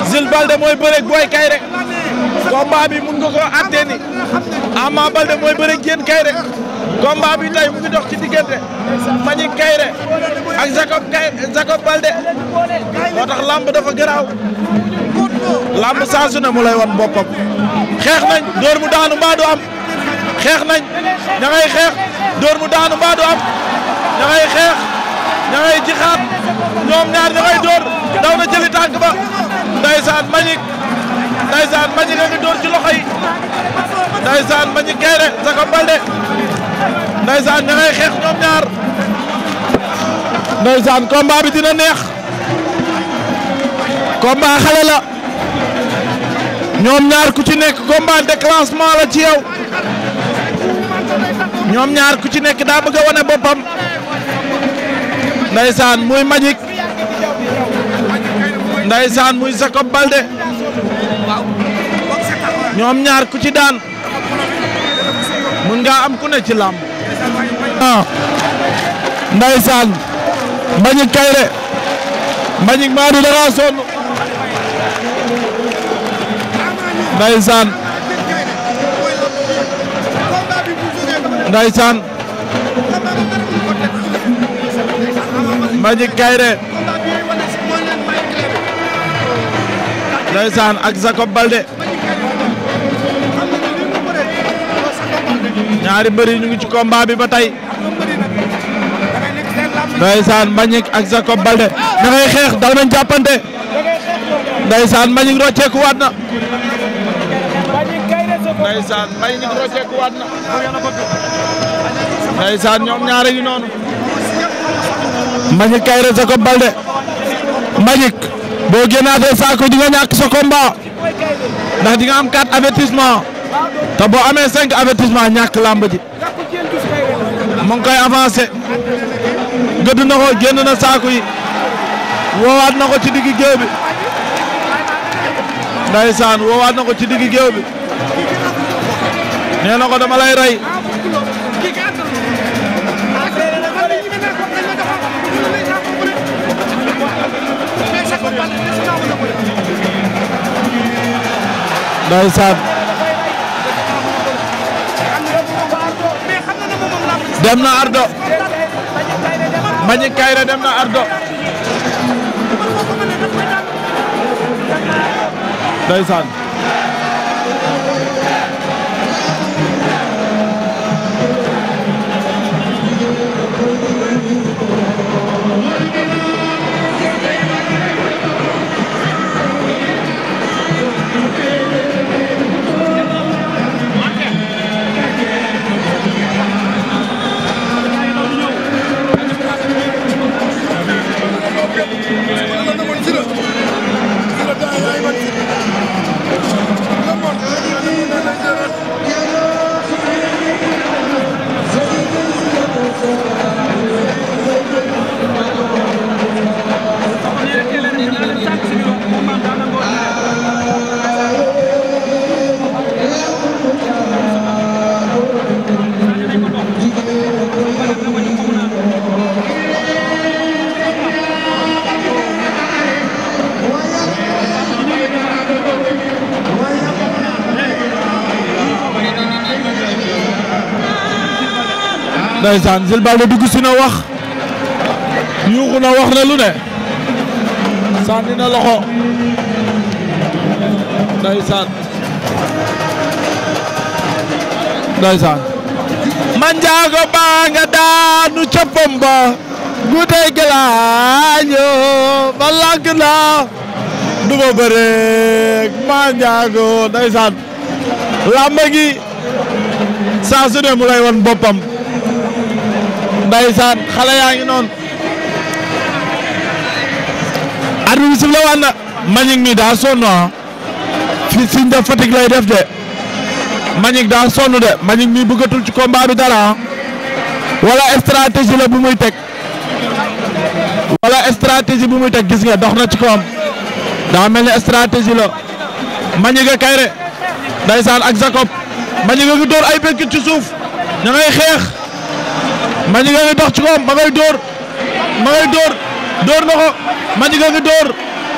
Jules Balde mooy bëreeg Boy Kayre combat bi mun nga koo atte ni Balde mooy bëreeg Diène Kayre combat bi tay mu ngi dox ci diggante Mbagnick Kayre ak Jacob Kay Jacob Balde moo tax lamb dafa garaaw lamb saa ne mu lay wan boppam xeex nañ dóor mu daanu mbaa du am xeex nañ ña ngay xeex dóor mu daanu mbaa am ña xeex ña ngay ñoom ñaar da dóor daw na jëli tànk ba ndaysaan Mbagnick ndaysaan Mbagnick a ngi dóor ci loxo yi ndaysaan Mbagnick xeex ñoom ñaar ndaysaan combat bi dina neex combat xale la ñoom ñaar ku ci nekk combat déclenchement la ci yow ñoom ñaar ku ci nekk daa bëgg a wane boppam ndaysaan muy Mbagnick ndaysaan muy Jacob Baldé ñoom ñaar ku ci daan mun nga am ku ne ci làmb ah. ndaysaan mbañik kayre mbañik maadu dara sonn ndaysaan ndaysaan mbañik kayre ndeysaan ak Jacob Balde ñaari mbëri ñu ngi ci combat bi ba tey ndeysaan Mbagnick ak Jacob Balde da ngay xeex dal nañ jàppante ndeysaan Mbagnick rocceeku waat na ndeysaan Mbagnick rocceeku waat na ndeysaan ñoom ñaari noonu Mbagnick Kaïré Jacob Balde Mbagnick boo génnaatee saako di nga ñàkk sa combat ndax di nga am 4 avertissement te boo amee 5 avertissement ñàkk làmb ji mu ngi koy gëdd na ko génn na saako yi woowaat na ko ci digg géew bi ndeysaan woowaat na ko ci digg géew bi nee na ko dama lay rey. ndeysaan dem na Ardo Mbagnick Kaïré dem na Ardo ndeysaan ndeysaan Jules Baldé dugg si na wax yuuxu na wax na lu ne sànni na loxo ndeysaan ndeysaan manjaago baa nga daanu coppam ba guutey gelaaño ba lànk naa du ma bëreeg manjaago ndeysaan làmba gi saa su ne mu lay wan boppam ndeysaan xale yaa ngi noonu arbitre bi sif la waat na mi daa sonn ah fii signe de fatigue lay def de Mbagnick daa sonn de Mbagnick mi bëggatul ci combat bi dara ah. wala stratégie la bu muy teg wala stratégie bu muy teg gis nga dox na ci koom daa mel ne stratégie la Mbagnick a Kairé ndeysaan ak Jacob Mbagnick a ngi ay békk ci suuf ña xeex Mandiaga ngi dox ci koom ma ngay dóor ma ngay dóor dóor na ko Mandiaga ngi dóor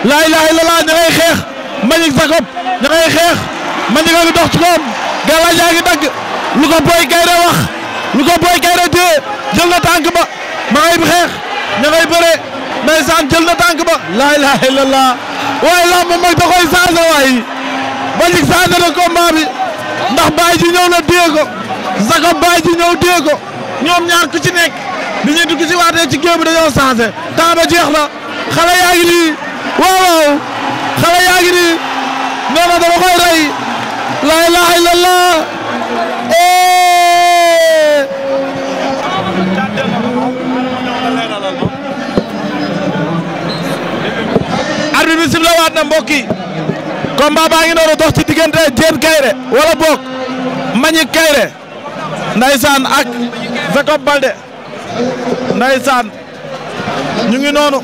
laa ilaaha illallaah ña ngay xeex Mbagnick Jacob ngi dox ci koom galaaj yaa ngi dagg lu ko Boy wax lu ko Boy Gaynde jël na tànk ba ma ngay xeex ña ngay bëre ndeysaan jël na tànk ba laa ilaaha illallaah waaye lamb mag da koy changé waay Mbagnick changé na combat bi ndax Baye ji ñëw na téye ko Jacob ji ñëw téye ñoom ñaar ku ci nekk bi ñuy dugg si waatee ci géew bi dañoo changé temps ba jeex na xale yaa ngi nii waaw waaw xale yaa ngi na dama koy rey la ilaha illallah eh. arbi bi sif waat na mbokk yi baa ngi noonu dox ci diggante Diène Kaïré wala boog Mbagnick Kaïré ndaysaan ak Jacob Balde ndeysaan ñu ngi noonu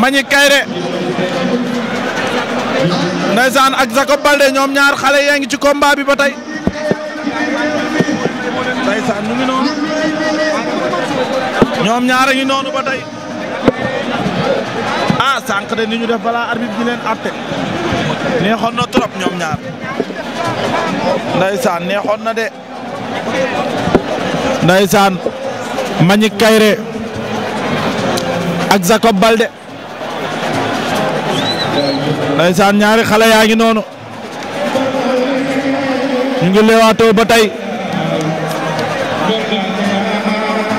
Magny Kairé ndeysaan ak Jacob Balde ñoom ñaar xale yaa ngi ci combat bi ba tey ndeysaan ñu ngi noonu ñoom ñaar ngi noonu ba tey a ah, sànq de ni ñu def balaa arbitre bi leen atte neexoon na trop ñoom ñaar ndeysaan neexoon na de ndeysaan Mbagnick Kaïré ak Jacob Baldé ndeysaan ñaari xale yaa ngi noonu ñu ngi leewaatoo ba tey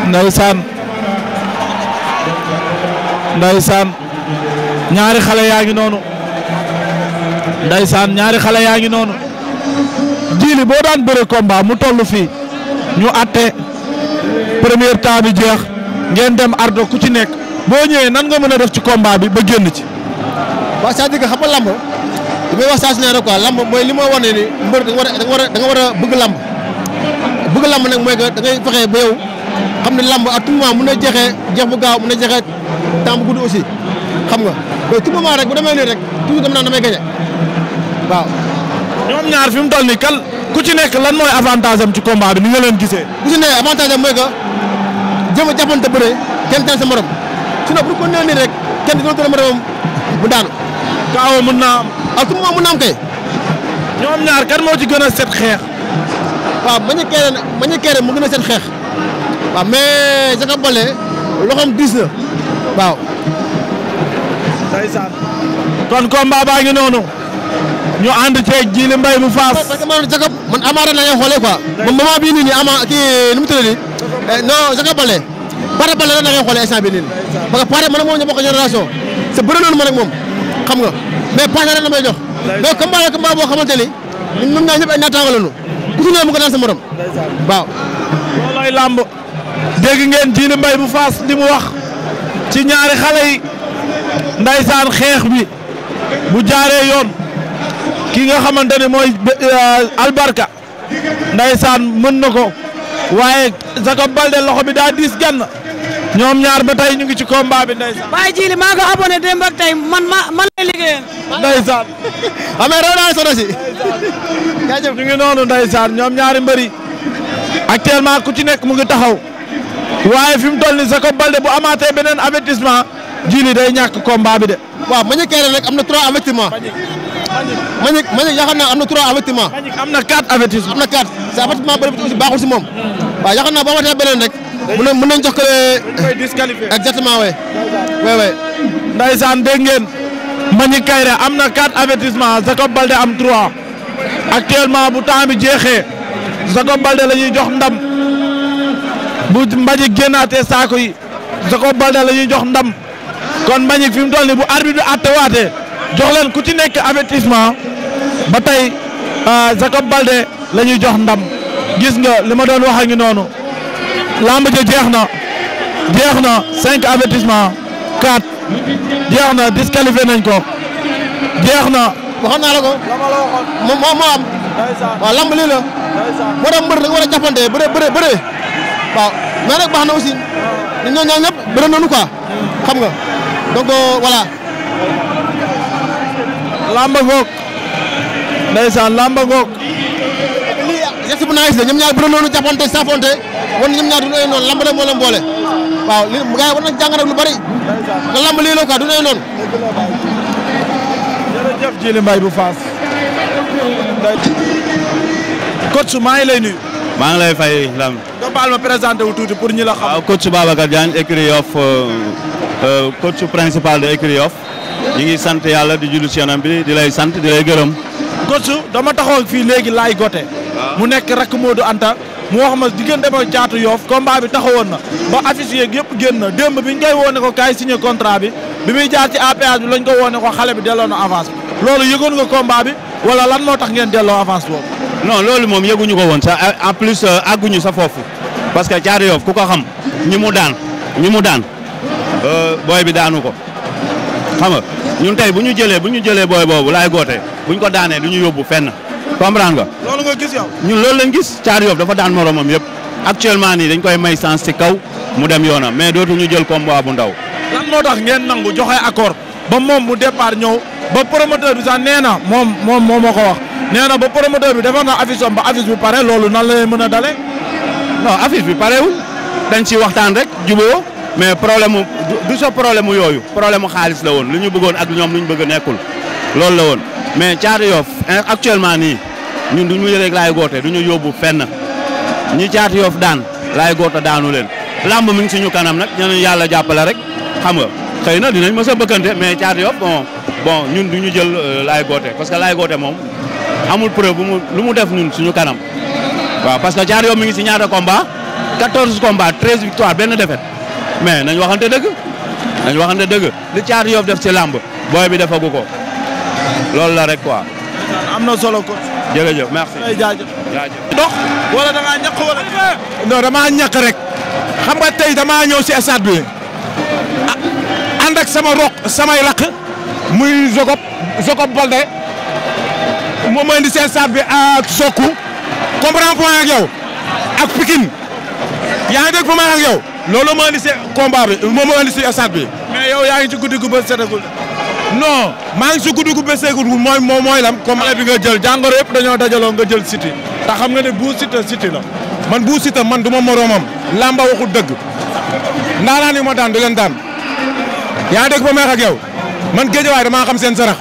ndeysaan ndeysaan ñaari xale yaa ngi noonu ndeysaan ñaari xale yaa ngi noonu jiili boo daan bëre kombaa mu toll fii ñu atte premier temps bi jeex ngeen dem ardo ku ci nekk boo ñëwee nan nga mën a def ci combat bi ba génn ci. waaw cest à xam nga lamb li may wax ne rek quoi mooy li ma wax ne ni da nga war a da nga war a bëgg lamb bëgg lamb nag mooy da ngay fexe ba xam ne lamb à tout moment mun na jeexee jeex bu gaaw mun na jeexee temps bu gudd aussi xam nga mais tout rek bu demee nii rek toujours dem naa damay gañe waaw. ñoom ñaar fi mu toll nii kan ku ci nekk lan mooy avantage am ci combat bi ni nga leen gisee. ku ci ne avantage am mooy que jëm a jàppante bëre kenn teel sa morom sinon bu ko nee nii rek kenn du ko ah, moo ci gën a set xeex. waaw ma ñu keeree ma ñu keeree mu gën a set xeex. waaw mais Jacob Baldé loxoom kon combat baa ngi noonu. ñu ànd ceeg Jili mu bu Faas. parce que man Jacob man Amara la ñuy xoolee quoi. moom moment bii nii nii kii nu mu tudd nii eh, non Jacob Baldé Paare Baldé la ñuy xoolee instant bii nii parce que Paare man moom ñu bokk génération c'est bëri noonu man ak moom xam nga mais Paare rek la may jox. mais combat la combat boo xamante ni ñun ñun naa ay naataango lañu ku ci ne mu ko daan morom waaw. làmb dégg ngeen Jili Mbaye mu Faas li mu wax ci ñaari xale yi ndaysaan xeex bi bu jaare yoon. ki nga xamante ne mooy euh, albarka ndaysaan mën na ko waaye Jacob Balde loxo bi daa diis gann ñoom ñaar ba tey ñu ngi ci combat bi ndaysaan. Baye Djili maa ko abonné démb ak tey man ma man lay liggéeyal. ndaysaan amee raw naa sono si. ñu ngi noonu ndaysaan ñoom ñaari mbëri actuellement ku ci nekk mu ngi taxaw waaye fi mu toll ni Jacob Balde bu amaatee beneen avertissement Djili day ñàkk combat bi de. waaw ma ñu kéré na trois Mbagnick Mbagnick yaakaar naa am na trois avertissement. am na quatre avertissement. am na quatre sa avertissement bëri aussi baaxul si moom. waaw yaakaar naa boo beneen rek. mën na mën nañ jox ko koy disqualifié exactement oui. oui oui. Ndeysaan dégg ngeen. Mbagnick am na quatre avertissement Jacob Baldé am trois. actuellement bu temps bi jeexee. Jacob Baldé la ñuy jox ndam. bu Mbagnick génnaatee saako yi. Jacob Baldé la ñuy jox ndam. kon Mbagnick fi mu toll nii bu arbitre bi jox leen ku ci nekk avertissement ba tey euh, Jacob Balde lañuy jox ndam gis nga li ma doon wax a ngi noonu lamb jeex na jeex na cinq avertissement quatre jeex na disqualifié nañ ko jeex na. waxoon naa la ko moom moo am lamb lii moo tax mbër da war a jàppante bëree bëree bëree waaw mais nag na aussi ñun ñoo ñëpp bëri nañu quoi xam nga donc euh, voilà. lamba ngoog ndeysaan lamba ngoog lii geste bu naagis ñoom ñaar bu doon noonu jàppante saafonte ñoom ñaar du ay noonu lamba rek boole waaw li gars yi war nañ jàng lu bari nga lamb lii la quoi du coach maa ngi lay nuyu maa ngi lay fay lam présenté wu tuuti pour ñi la xam waaw coach euh, euh, principal de écurie Yoff ñu ngi sant yàlla di julli ci Yonent bi di lay sant di lay gërëm. Gosu dama taxaw fii léegi laay gote. Ah. mu nekk rakk Modou Anta. mu wax ma diggante ma caatu yoof combat bi woon na ba affiche yeeg yëpp génn démb bi ñu woone ko kaay signé contrat bi bi muy jaar ci APH bi lañ ko woone ko xale bi delloo na avance bi loolu yëgoon nga combat bi wala lan moo tax ngeen delloo avance boobu. non loolu moom yëguñu ko woon sax en plus aguñu euh, sa foofu parce que caatu yoof ku ko xam ñi mu daan ñi mu daan euh, booy bi daanu ko xam nga ñun tey bu ñu jëlee bu ñu jëlee booy boobu laay goote bu ñu ko daanee du ñu yóbbu fenn comprendre nga. loolu nga gis ñun loolu lañ gis Thiatou Yoff dafa daan moromam yëpp actuellement nii dañ koy may sens ci kaw mu dem yoonam mais ñu jël combat bu ndaw. lan moo tax ngeen nangu joxe accord ba moom mu départ ñëw ba promoteur bi sax nee na moom moom moo ma ko wax nee na ba promoteur bi defar na affiche am ba affiche bi pare loolu nan la mën a dale non affiche bi parewul dañ si waxtaan rek jubóo mais problème du sa problème mu yooyu problème mu xaalis la woon lu ñu bëggoon ak ñoom lu ñu bëgg nekkul loolu la woon mais Caatu Yoff actuellement nii ñun du ñu yëreeg laay goote du ñu yóbbu fenn ñu Caatu yoof daan laay goote daanu leen lamb mi ngi suñu kanam nag ñeneen yàlla jàppale rek xam nga xëy na dinañ mës a bëkkante mais Caatu Yoff bon bon ñun du ñu jël euh, laay goote parce que laay goote moom amul preuve bu mu lu mu def ñun suñu kanam waaw parce que Caatu Yoff mi ngi si ñaata combat 14 combat 13 victoire benn défaite. mais nañ waxante dëgg nañ waxante dëgg li caatu Yoff def ci làmb booy bi defagu ko loolu la rek quoi. am na solo ko. jërëjëf merci. jaajëf jaajëf. dox wala da ngaa ñàkk wala. non damaa rek. xam nga tey dama ñëw si stade bi. ànd ak sama roq samay rakk muy Zogop Zogop Balde moom mooy indi seen stade bi ak Sokku comprendre point ak yow ak Pikine yaa ngi dégg point ak yow. loolu ma indi si combat bi moom moo si stade bi. mais yow yaa ngi ci guddi gu bët seetagul. non maa ngi si guddi gu bët seetagul mooy moom mooy lam comme bi nga jël jàngoro yëpp dañoo dajaloo nga jël Siteu. te xam nga ne bu Siteu Siteu la. man bu Siteu man du ma moroomam. lamba waxul dëgg. ndaanaan yu ma daan du daan. yaa dégg ba may wax yow. man géejawaay damaa xam seen sarax.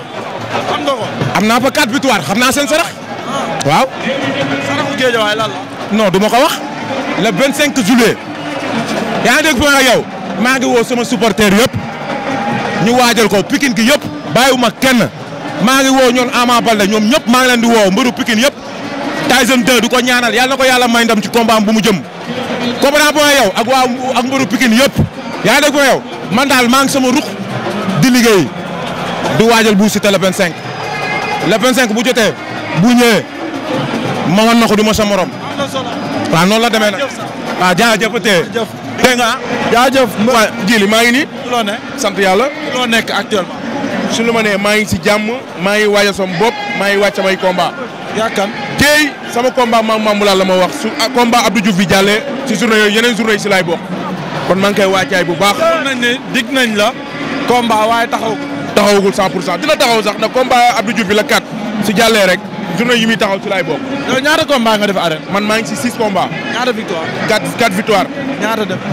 am naa fa quatre victoire xam naa seen sarax. Ah. waaw. saraxu géejawaay non du ma ko wax. le cinq juillet. yaa ngi dégg fi ma yow maa ngi woo sama supporteur yëpp ñu waajal ko Pikine gi yëpp ma kenn maa ngi woo ñoon Ama Baldé ñoom ñëpp maa ngi leen di woo mbëru pikin yëpp Tyson 2 du ko ñaanal yàlla na ko yàlla may ndam ci combat bu mu jëm comprendre point yow ak waa yëpp yaa ngi dégg point yow man daal maa ngi sama ruq di liggéey du waajal bu Siteu le 25 le 25 bu jote bu ñëwee ma wan na ko du ma sa morom waaw noonu la demee nag waaw jaajëf dégg nga ah. jaajëf waaw jili maa ngi nii. sant yàlla. loo nekk actuellement. su lu ma nee maa ngi si jàmm maa ngi waajal soom bopp maa ngi waaj samay combat yaakaar tey sama combat maam Mamou Lalla la ma wax su ah, combat Abdou Diouf bi jàllee si journée yooyu yeneen journée si laay bokk kon maa ngi koy waajaay bu baax. xam nañ dig nañ la. combat waaye taxaw. taxawagul 100 pour cent dina taxaw sax na combat Abdou Diouf bi la kat si jàllee rek. journée yi muy taxaw ci laay bokk. yow ñaata combat nga def arène. man maa ngi si six combat. ñaata victoire. quatre quatre victoire.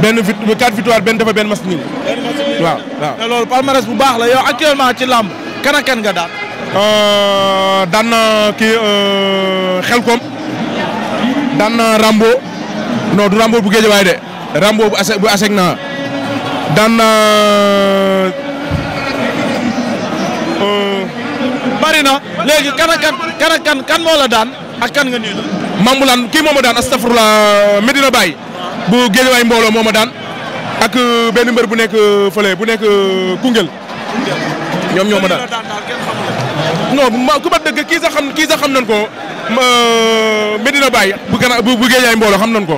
benn vict quatre victoire benn dafa benn match nul. waaw palmarès bu baax la yow actuellement ci làmb kan ak kan nga daan. Euh, daan na kii Xelkom euh, daan na Rambo non du Rambo bu Géejawaay de Rambo bu ase bu aseg daan na. Euh, bari léegi kan ak kan ak kan kan moo la daan ak kan nga nii la. Mambulaan kii moo ma daan astafurlah Medina Baye. bu Géejawaay mbooloo moo ma daan. ak euh, benn mbër bu nekk euh, fële bu nekk euh, Koungheul. ñoom ñoo ma daan non ma ku ma dëgg kii sax xam kii sax xam nañ ko Medina Baye bu gana bu bu Géejawaay mbooloo xam nañ ko.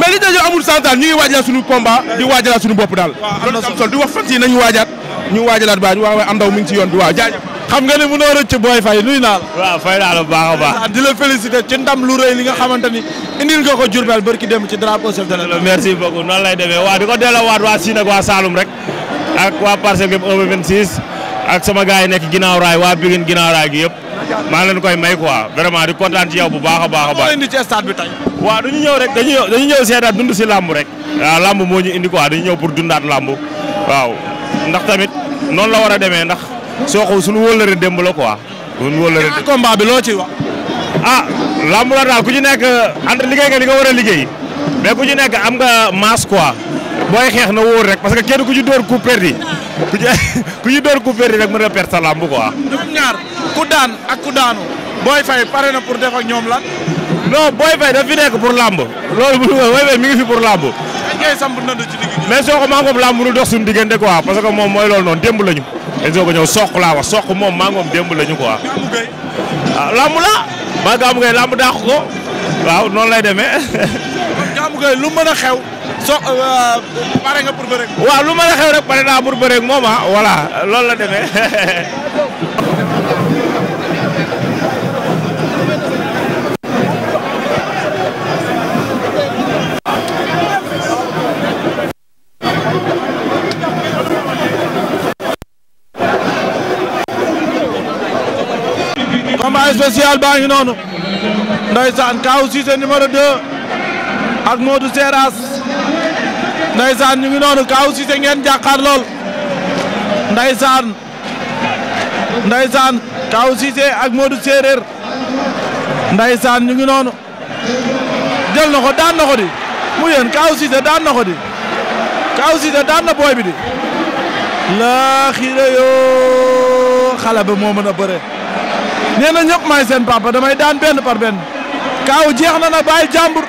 mais li ñu amul sens daal ñu ngi waajalaat suñu combat di waajalaat suñu bopp daal. waaw am na solo di wax fan si nañu waajaat. ñu waajalaat baa ñu waaw am ndaw mi ngi ci yoon bi waaw jaajëf xam nga ne mënoo rëcc Boy Faye nuyu naa la. waaw fay naa bu baax a baax. Ah, di la féliciter ci ndam lu rëy li nga xamante ni indil nga ko Diourbel barki dem ci drapeau chef de l'État. merci beaucoup noonu lay demee waaw di ko delloowaat waa Sine ak waa Saloum rek ak waa parcelle yëpp 1 26 ak sama gars yi nekk ginnaaw waa Biguine ginnaaw raay gi yëpp maa ngi leen koy may quoi vraiment di kontaan ci yow bu baax a baax a baax. indi ci a bi tey. waaw dañu ñëw rek dañu ñëw dañu dund si làmb rek. waaw làmb moo ñu indi quoi dañu ñëw pour dundaat làmb waaw ndax tamit noonu la war a demee ndax Sokh suñu wóllare démb la quoi. suñu wóllare démb combat bi loo ciy wax. ah lamb la daal ku ci nekk entre liggéey nga li nga war a liggéey mais ku ci nekk am nga masse quoi booy xeex na wóor rek parce que kenn ku ci dóor coup perdu ku ci ku ci dóor coup perdu rek mën na perte sa lamb quoi. ñoom ñaar ku daan ak ku daanu. Boy Faye pare na pour def ak ñoom lan. non Boy Faye daf fi nekk pour lamb loolu bu Boy Faye mi ngi fi pour lamb. mais soo maa ngi lamb nu dox suñu diggante quoi parce que moom mooy loolu noonu démb Elzo ba ñëw soq laa wax soq moom maa ngoom démb lañu quoi. ah lamb la. maa gàmmu ngay lamb dàq ko. waaw noonu lay demee. gàmmu ngay lu mën a xew. so euh, pare nga pour bëre. waaw lu mën a xew rek pare naa pour bëre ak moom ah voilà loolu la demee. spécial baa ngi noonu ndeysaan Kaaw Cissé numéro 2 ak Modou Seras ndeysaan ñu ngi noonu Kaaw Cissé ngeen jàkkaar lool ndeysaan ndeysaan Kaaw Cissé ak Modou Séeréer ndeysaan ñu ngi noonu jël na ko daan na ko di mu yéen Kaaw Cissé daan na ko di daan na booy bi di laaxira yoo xale ba moo mën nee na ñëpp may seen papa damay daan benn par benn kaaw jeex na na bàyyi jàmbur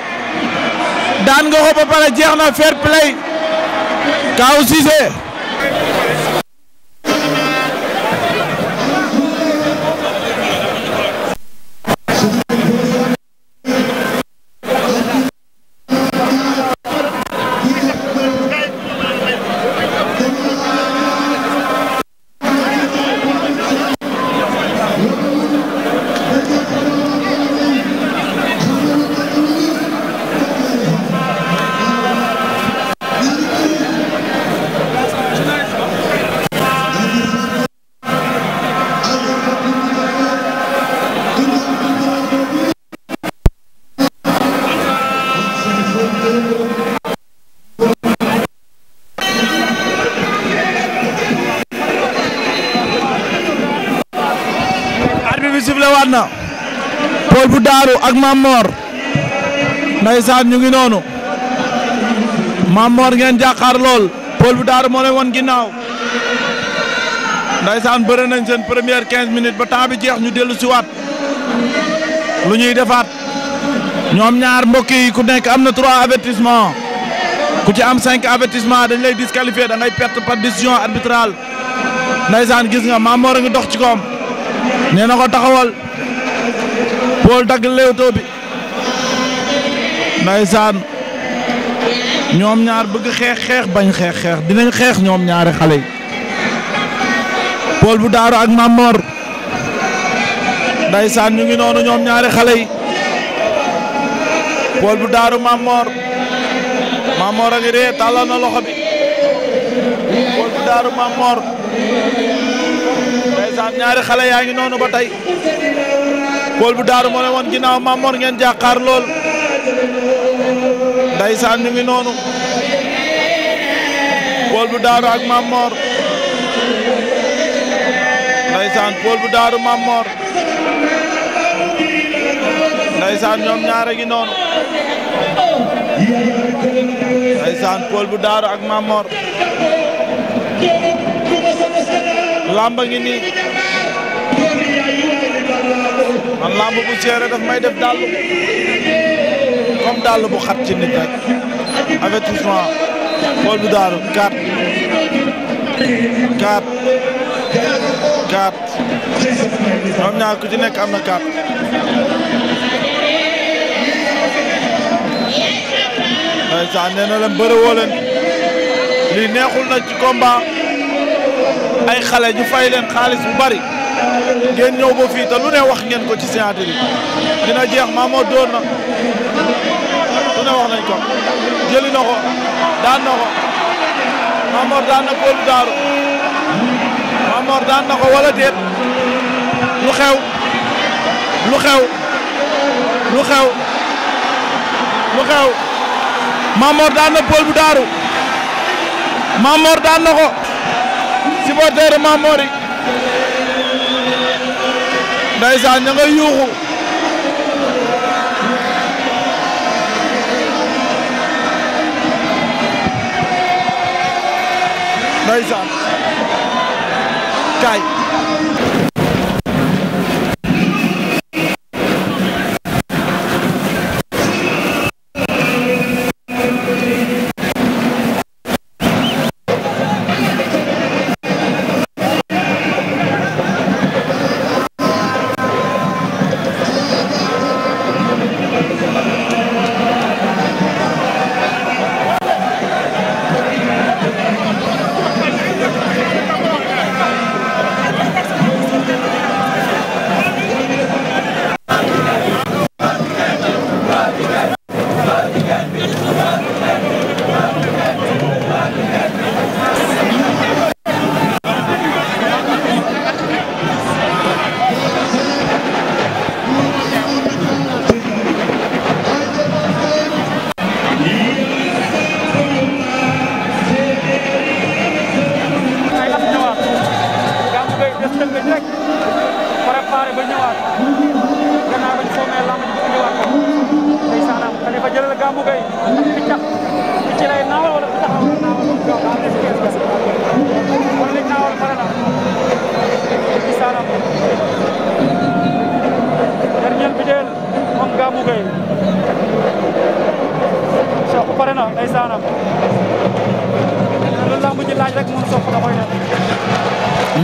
daan nga ko ba pare jeex na fair play kaaw Cissé Mame Mor ndeysaan ñu ngi noonu Mame Mor ngeen jàkkaar lool Paul bu Daaru moo leen won ginnaaw ndeysaan bëre nañ seen première quinze minutes ba temps bi jeex ñu dellu si waat lu ñuy defaat ñoom ñaar mbokk yi ku nekk am na trois avertissement ku ci am cinq avertissement dañ lay disqualifié da ngay perte par décision arbitrale ndeysaan gis nga Mame Mor a ngi dox ci koom nee na ko taxawal Paul dagg léewtoo bi ndaysaan ñoom ñaar bëgg xeex xeex bañ xeex xeex dinañ xeex ñoom ñaari xale yi Paul bu daaru ak Mame Mor ndaysaan ñu ngi noonu ñoom ñaari xale yi Paul bu daaru Mame Mor Mame Mor a na loxo bi Paul ñaari xale yaa ngi noonu ba tey Paul bu Daaru moo leen woon ginnaaw Mame Mor ngeen jàkkaar lool ndeysaan ñu ngi noonu Paul bu Daaru ak Mame Mor ndeysaan Paul bu Daaru Mame Mor ndeysaan ñoom ak Mame lamba ngi nii man lamb bu seere daf may def dàll comme dàll bu xat ci nit rek avertissement xool bu daaru 4 4 4 ñoom ñaar ku ci nekk am na 4 ndeysaan nee na leen bëre woo leen neexul na ci combat ay xale ñu fay leen xaalis bu bari ngeen ñëw ba fii te lu ne wax ngeen ko ci signature yi dina jeex Mama doon na lu ne wax nañ ko jëli na ko daan na ko daan na Pôlu Daaru Mama daan na ko wala déet lu xew lu xew lu xew lu xew Mama daan na Pôlu Daaru Mama daan na ko supporter ndeysaan ña ngay yuuxu ndeysaan kaay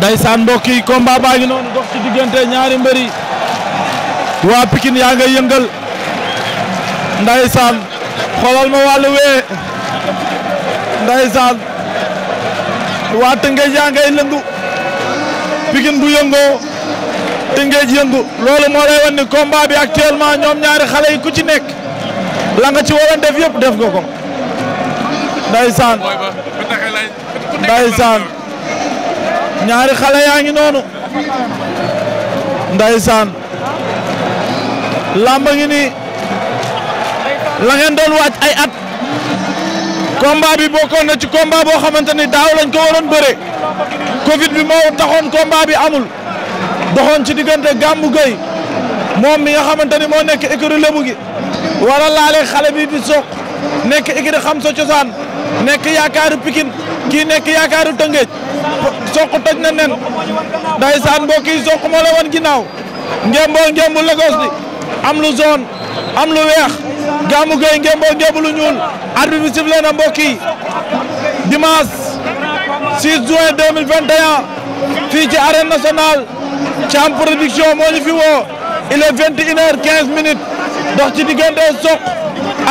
ndaysaan mbokk yi combat baa ngi noonu dox ci diggante ñaari mbëri waa pikin yaa ngay yëngal ndaysaan xoolal ma wàllu wee ndaysaan waa Tëngéej yaa ngay lëngu Pikine bu yëngoo Tëngéej yëngu loolu moo lay wan ni combat bi actuellement ñoom ñaari xale yi ku ci nekk la nga ci waroon def yëpp def nga ko ndaysaan ndaysaan ñaari xale yaa ngi noonu ndaysaan làmb ngi nii la ngeen doon waaj ay at combat bi bokkoon na ci combat boo xamante ni daaw lañ ko waroon bëre covid bi moo taxoon combat bi amul doxoon ci diggante Gambu Gueye moom mi nga xamante ni moo nekk écurie Lebu gi wala laale xale bi di Sokh nekk écurie Xam Sa Cosaan nekk yaakaaru Pikine kii nekk yaakaaru Tëngéej soq toj na nen ndeysaan mbokk yi soq moo la wan ginnaaw ngemboo ngembu Lagos bi am lu zone am lu weex Gamou Gueye ngemboo ngembu lu ñuul arbitre bi sifflé na mbokk yi dimanche 6 juin 2021 fii ci arène nationale Thiam production moo ñu fi woo il est 21 heures 15 minutes dox ci diggante soq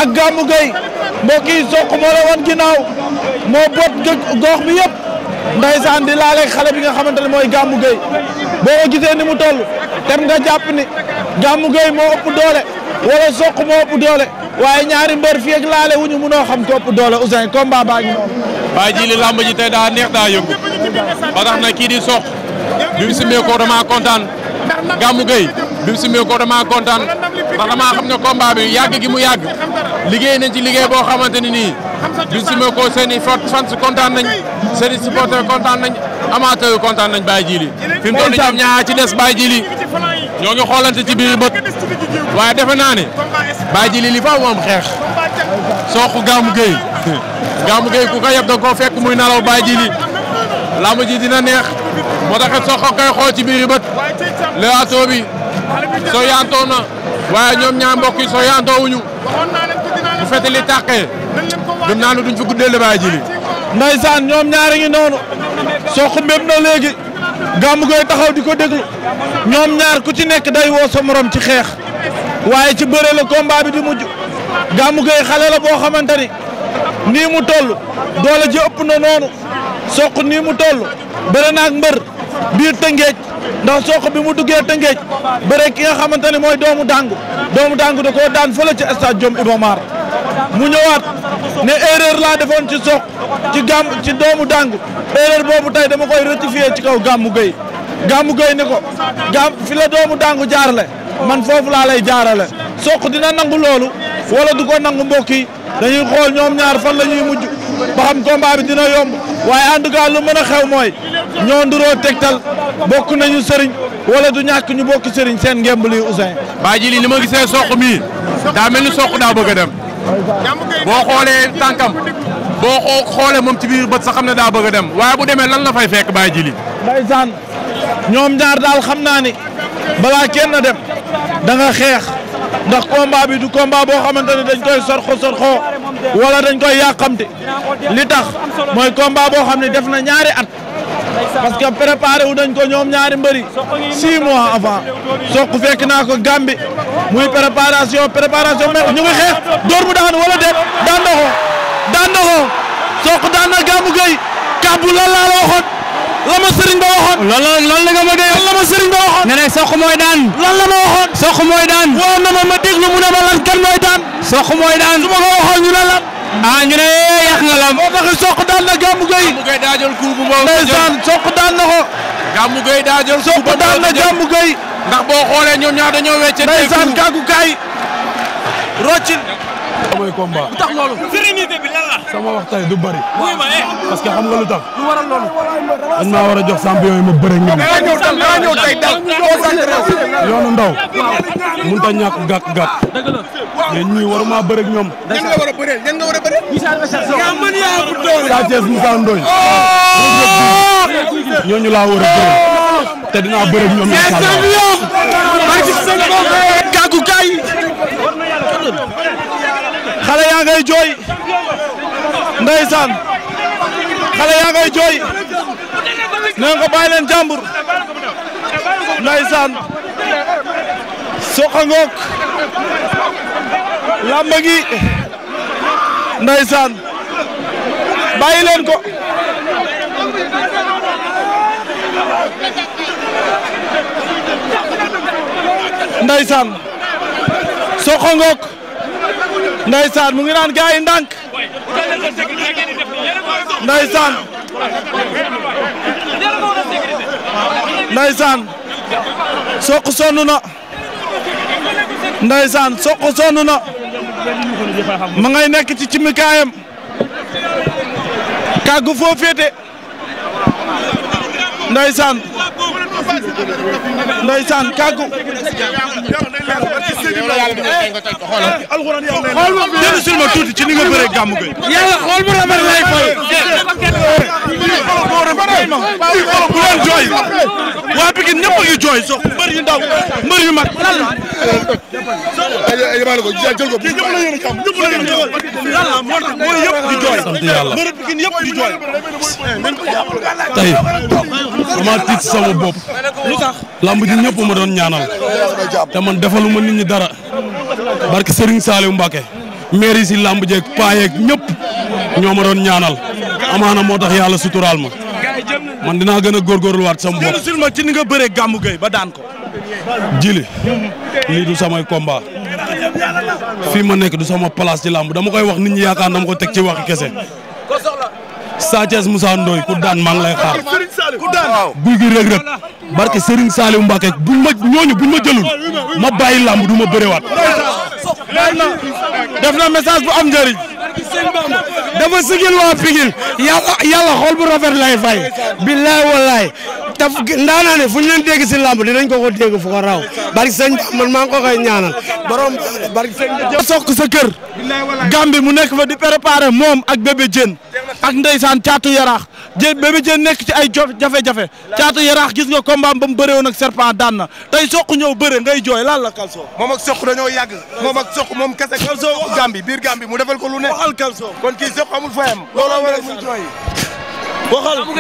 ak Gamou Gueye mbokk yi soq moo la wan ginnaaw moo bot gox bi yëpp ndeysaan di laaleeg xale bi nga xamante ne mooy Gamou Gueye boo ko gisee ni mu toll dem nga jàpp ni Gamou Gueye moo ëpp doole wala Sokh moo ëpp doole waaye ñaari mbër fii ak laale wu ñu mënoo xam ko ëpp doole Ousseyn combat baa ngi noonu. waaye ji li làmb ji tey daa neex daa yëngu ba tax na kii di Sokh bi mu simee ko damaa kontaan Gamou Gueye bi mu simee ko damaa kontaan ndax damaa xam ne combat bi yàgg gi mu yàgg liggéey nañ ci liggéey boo xamante ni nii. bi sime ko seen i fans kontaan nañ seen i supporters kontaan nañ amateur yi kontaan nañ Baye Djily fi mu toll ci des Baye Djily ñoo ngi xoolante ci biir bët waaye defe naa ne Baye Djily li faaw moom xeex sooq Gamou Gueye Gamou Gueye ku ko yeb da koo fekk muy nalaw Baye Djily lamb ji dina neex moo taxit sooq koy xool ci biir bët le ato bi soo yaantoo na waaye ñoom ñaa mbokk yi soo yaantoo wuñu bu fete li tàqee du naanu duñ fi guddee ji Djily. Ndeysaan ñoom ñaari ngi noonu Sokh mbéb na léegi Gamou Gueye taxaw di ko déglu ñoom ñaar ku ci nekk day woo sa morom ci xeex waaye ci bëre la combat bi di mujj Gamou Gueye xale la boo xamante ni nii mu toll doole ji ëpp na noonu Sokh nii mu toll bëre na ak mbër biir Tëngéej ndax Sokh bi mu duggee Tëngéej bëre ki nga xamante ni mooy doomu dàngu doomu dàngu da koo daan fële ci stade Iba Mar mu ñëwaat ne erreur laa defoon ci soq ci gàmm ci doomu dàng erreur boobu tey dama koy rectifier ci kaw gàmmu gëy gàmmu gëy ni ko gàmm fi la doomu dàngu jaarale man foofu laa lay jaarale soq dina nangu loolu wala du ko nangu mbokk yi dañuy xool ñoom ñaar fan la ñuy mujj ba xam combat dina yomb waaye en tout cas lu mën a xew mooy ñoo nduroo tegtal bokk nañu sëriñ wala du ñàkk ñu bokk sëriñ seen ngemb li Ousseyn. baa ji li ni ma gisee soq mii daa mel ni soq daa dem. boo xoolee tànkam boo xoolee moom ci biir bët sax xam ne daa bëgg dem waaye bu demee lan la fay fekk bàyyi jili ndeysaan ñoom ñaar daal xam naa ni balaa kenn dem danga nga xeex ndax combat bi du combat boo xamante ne dañ koy sorxo sorxo wala dañ koy yàqamte li tax mooy combat boo xam ne def na ñaari at parce que préparé wu dañ ko ñoom ñaari mbëri six mois avant soq fekk naa ko Gambie muy préparation préparation mais ñu ngi xeex door mu daan wala déet daan na ko daan na ko soq daan na Gamou Gueye kàbbu lan laa la waxoon la ma sëriñ ba waxoon. lan la lan la nga ma gëyoo. lan la ma sëriñ ba waxoon. nee na soq daan. lan la na ma ma déglu mu ne ma lan kan mooy daan. soq mooy daan su ma ko waxoon ñu lan. ah ñu ne eh, yàq nga lam. moo tax daan na Gamou Gueye. Gamou Gueye daa jël coup bu ma. ndeysaan soq na ko. Gamou Gueye daa jël. daan na Gamou Gueye. ndax boo xoolee ñoom ñaar dañoo weccante. ndeysaan kàggu kaay roccil. samay combat lu sama wax tey du bëri. Eh. parce que nga lu tax. lu waral war a jox champion yi ma bëre ñoom. yoonu ndaw. mënut a ñàkk gàkk gàkk. dëgg la yéen ñii waruma bëre ak ñoom. ñan nga war a bëree ñan nga war a bëree. yaa mën yaa oh! war a bëree. te dinaa bëre ñoom incha allah. kàggu kaay. xale yaa ngay jooy. ndeysaan. xale yaa ngay jooy. nee nga bàyyi leen jàmbur. ndeysaan. soqa ngoog. làmb gi. ndeysaan. bàyyi leen ko. Ndeysaan Sokh ngoog Ndeysaan mu ngi naan gars yi ndànk Ndeysaan Ndeysaan Sokh sonn na Ndeysaan Sokh sonn na ma ngay nekk ci cimikaayam kàggu foo féete Ndeysaan ndeysaan kàggu xool ma tuuti ci ni nga bëree gàmmu gay yàlla xool ma ramar lay fay bu leen jooy waa Pikine a a a tiit sama bopp lamb ji ñëpp ma doon ñaanal te man def defalu ma nit ñi dara barke Serigne Saliou Mbacke maire yi si làmb jek paa yeeg ñëpp ñoo ma doon ñaanal amaana moo tax yàlla suturaal ma man dinaa gën a góorgóorluwaat sama bopp. jëlu ci ni nga bëree gàmmu gay ba daan ko. jili lii du samay combat fii ma nekk du sama place ci lamb dama koy wax nit ñi yaakaar dama ko teg ci wax kese. Sa Thiès Moussa Ndoye ku daan maa ngi lay xaar. ku daan guy gi rëg rëg barke Serigne Saliou Mbacke buñ ma ñooñu ma jëlul ma du ma bërewaat. def na message bu am njëriñ. dafa sigil waa Pikine yàlla yàlla xol bu rafet lay fay. billaay wallaay taf ndaanaa ne fu ñu leen dégg si làmb ko ko dégg fu ko raw barke sëñ man maa ngi ko koy ñaanal borom barke sëñ sokk sa kër. Gambie mu nekk fa di préparer moom ak bébé Diène. ak ndeysaan caatu yaraax jé Bébé Diène nekk ci ay jafe-jafe caatu yaraax gis ko combat ba mu bëree woon ak serpent daan na tey soq ñëw bëre ngay jooy lan la Kalso. moom ak soq dañoo yàgg moom ak soq moom kese Kalso Gambi biir Gambi mu defal ko lu ne waxal Kalso kon kii soq amul fayam looloo waral muy jooy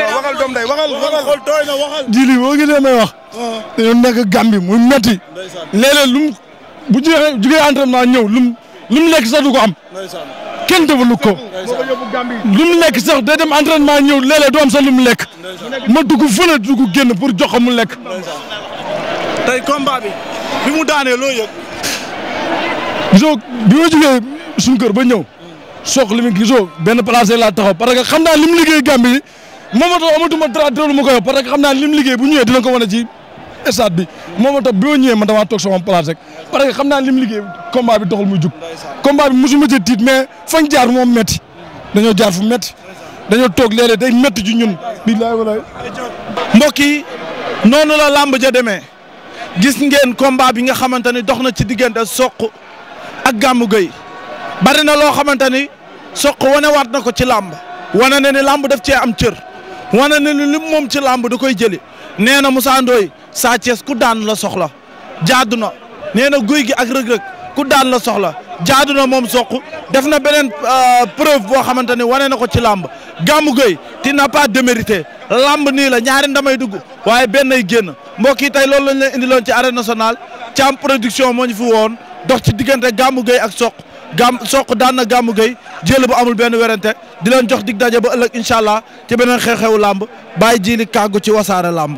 day waxal waxal tooy na waxal jili woo ngi leen may wax ah. dañoo nekk Gambi muy metti léeg-léeg mu bu jeexee jugee entraînement ñëw lu mu lu lekk sax du ko am kenn defalu ko lu mu lekk sax day dem entraînement ñëw léeg-léeg sax lu mu lekk ma dugg fële dugg génn pour jox ko mu lekk. tey combat bi bi mu daanee loo yëg. gisoo bi ma jógee suñu kër benn place laa taxaw parce que xam naa li mu liggéey Gambie moom moo tax amatuma dara dara lu ma koy wax parce liggéey bu ñëwee dina ko wane ci. stade bi moo ma tax boo ñëwee toog sama place rek parce que naa li mu liggéey combat bi doxul muy jug combat bi mosuma ci tiit mais fañ jaar moom metti dañoo jaar fu metti dañoo toog léeg-léeg day metti ju ñun billaay walaay mbokk yi noonu la làmb ja demee gis ngeen combat bi nga xamante ni dox na ci diggante soq ak Gamou Gueye bari na loo xamante ni Sokh wane waat na ko ci làmb wane na ni làmb daf cee am cër wane na ni lim moom ci làmb da koy jëli nee na Moussa Sa Thiès ku daan la soxla jaadu na nee na guy gi ak rëg-rëg ku daan la soxla jaadu na moom soq def na beneen euh, preuve boo xamante ne wane na ko ci làmb Gamou Gueye ti n'a pas démérité làmb nii la ñaari ndamay dugg waaye benn génn mbokk yi tey loolu lañ leen indiloon ci arène national Thiam production moo ñu fi woon dox ci diggante Gamou Gueye ak soq gam soq daan na Gamou Gueye jël bu amul benn werante di leen jox dig daje ba ëllëg incha allah ci beneen xew-xewu làmb bàyyi jiili kàggu ci wasaare làmb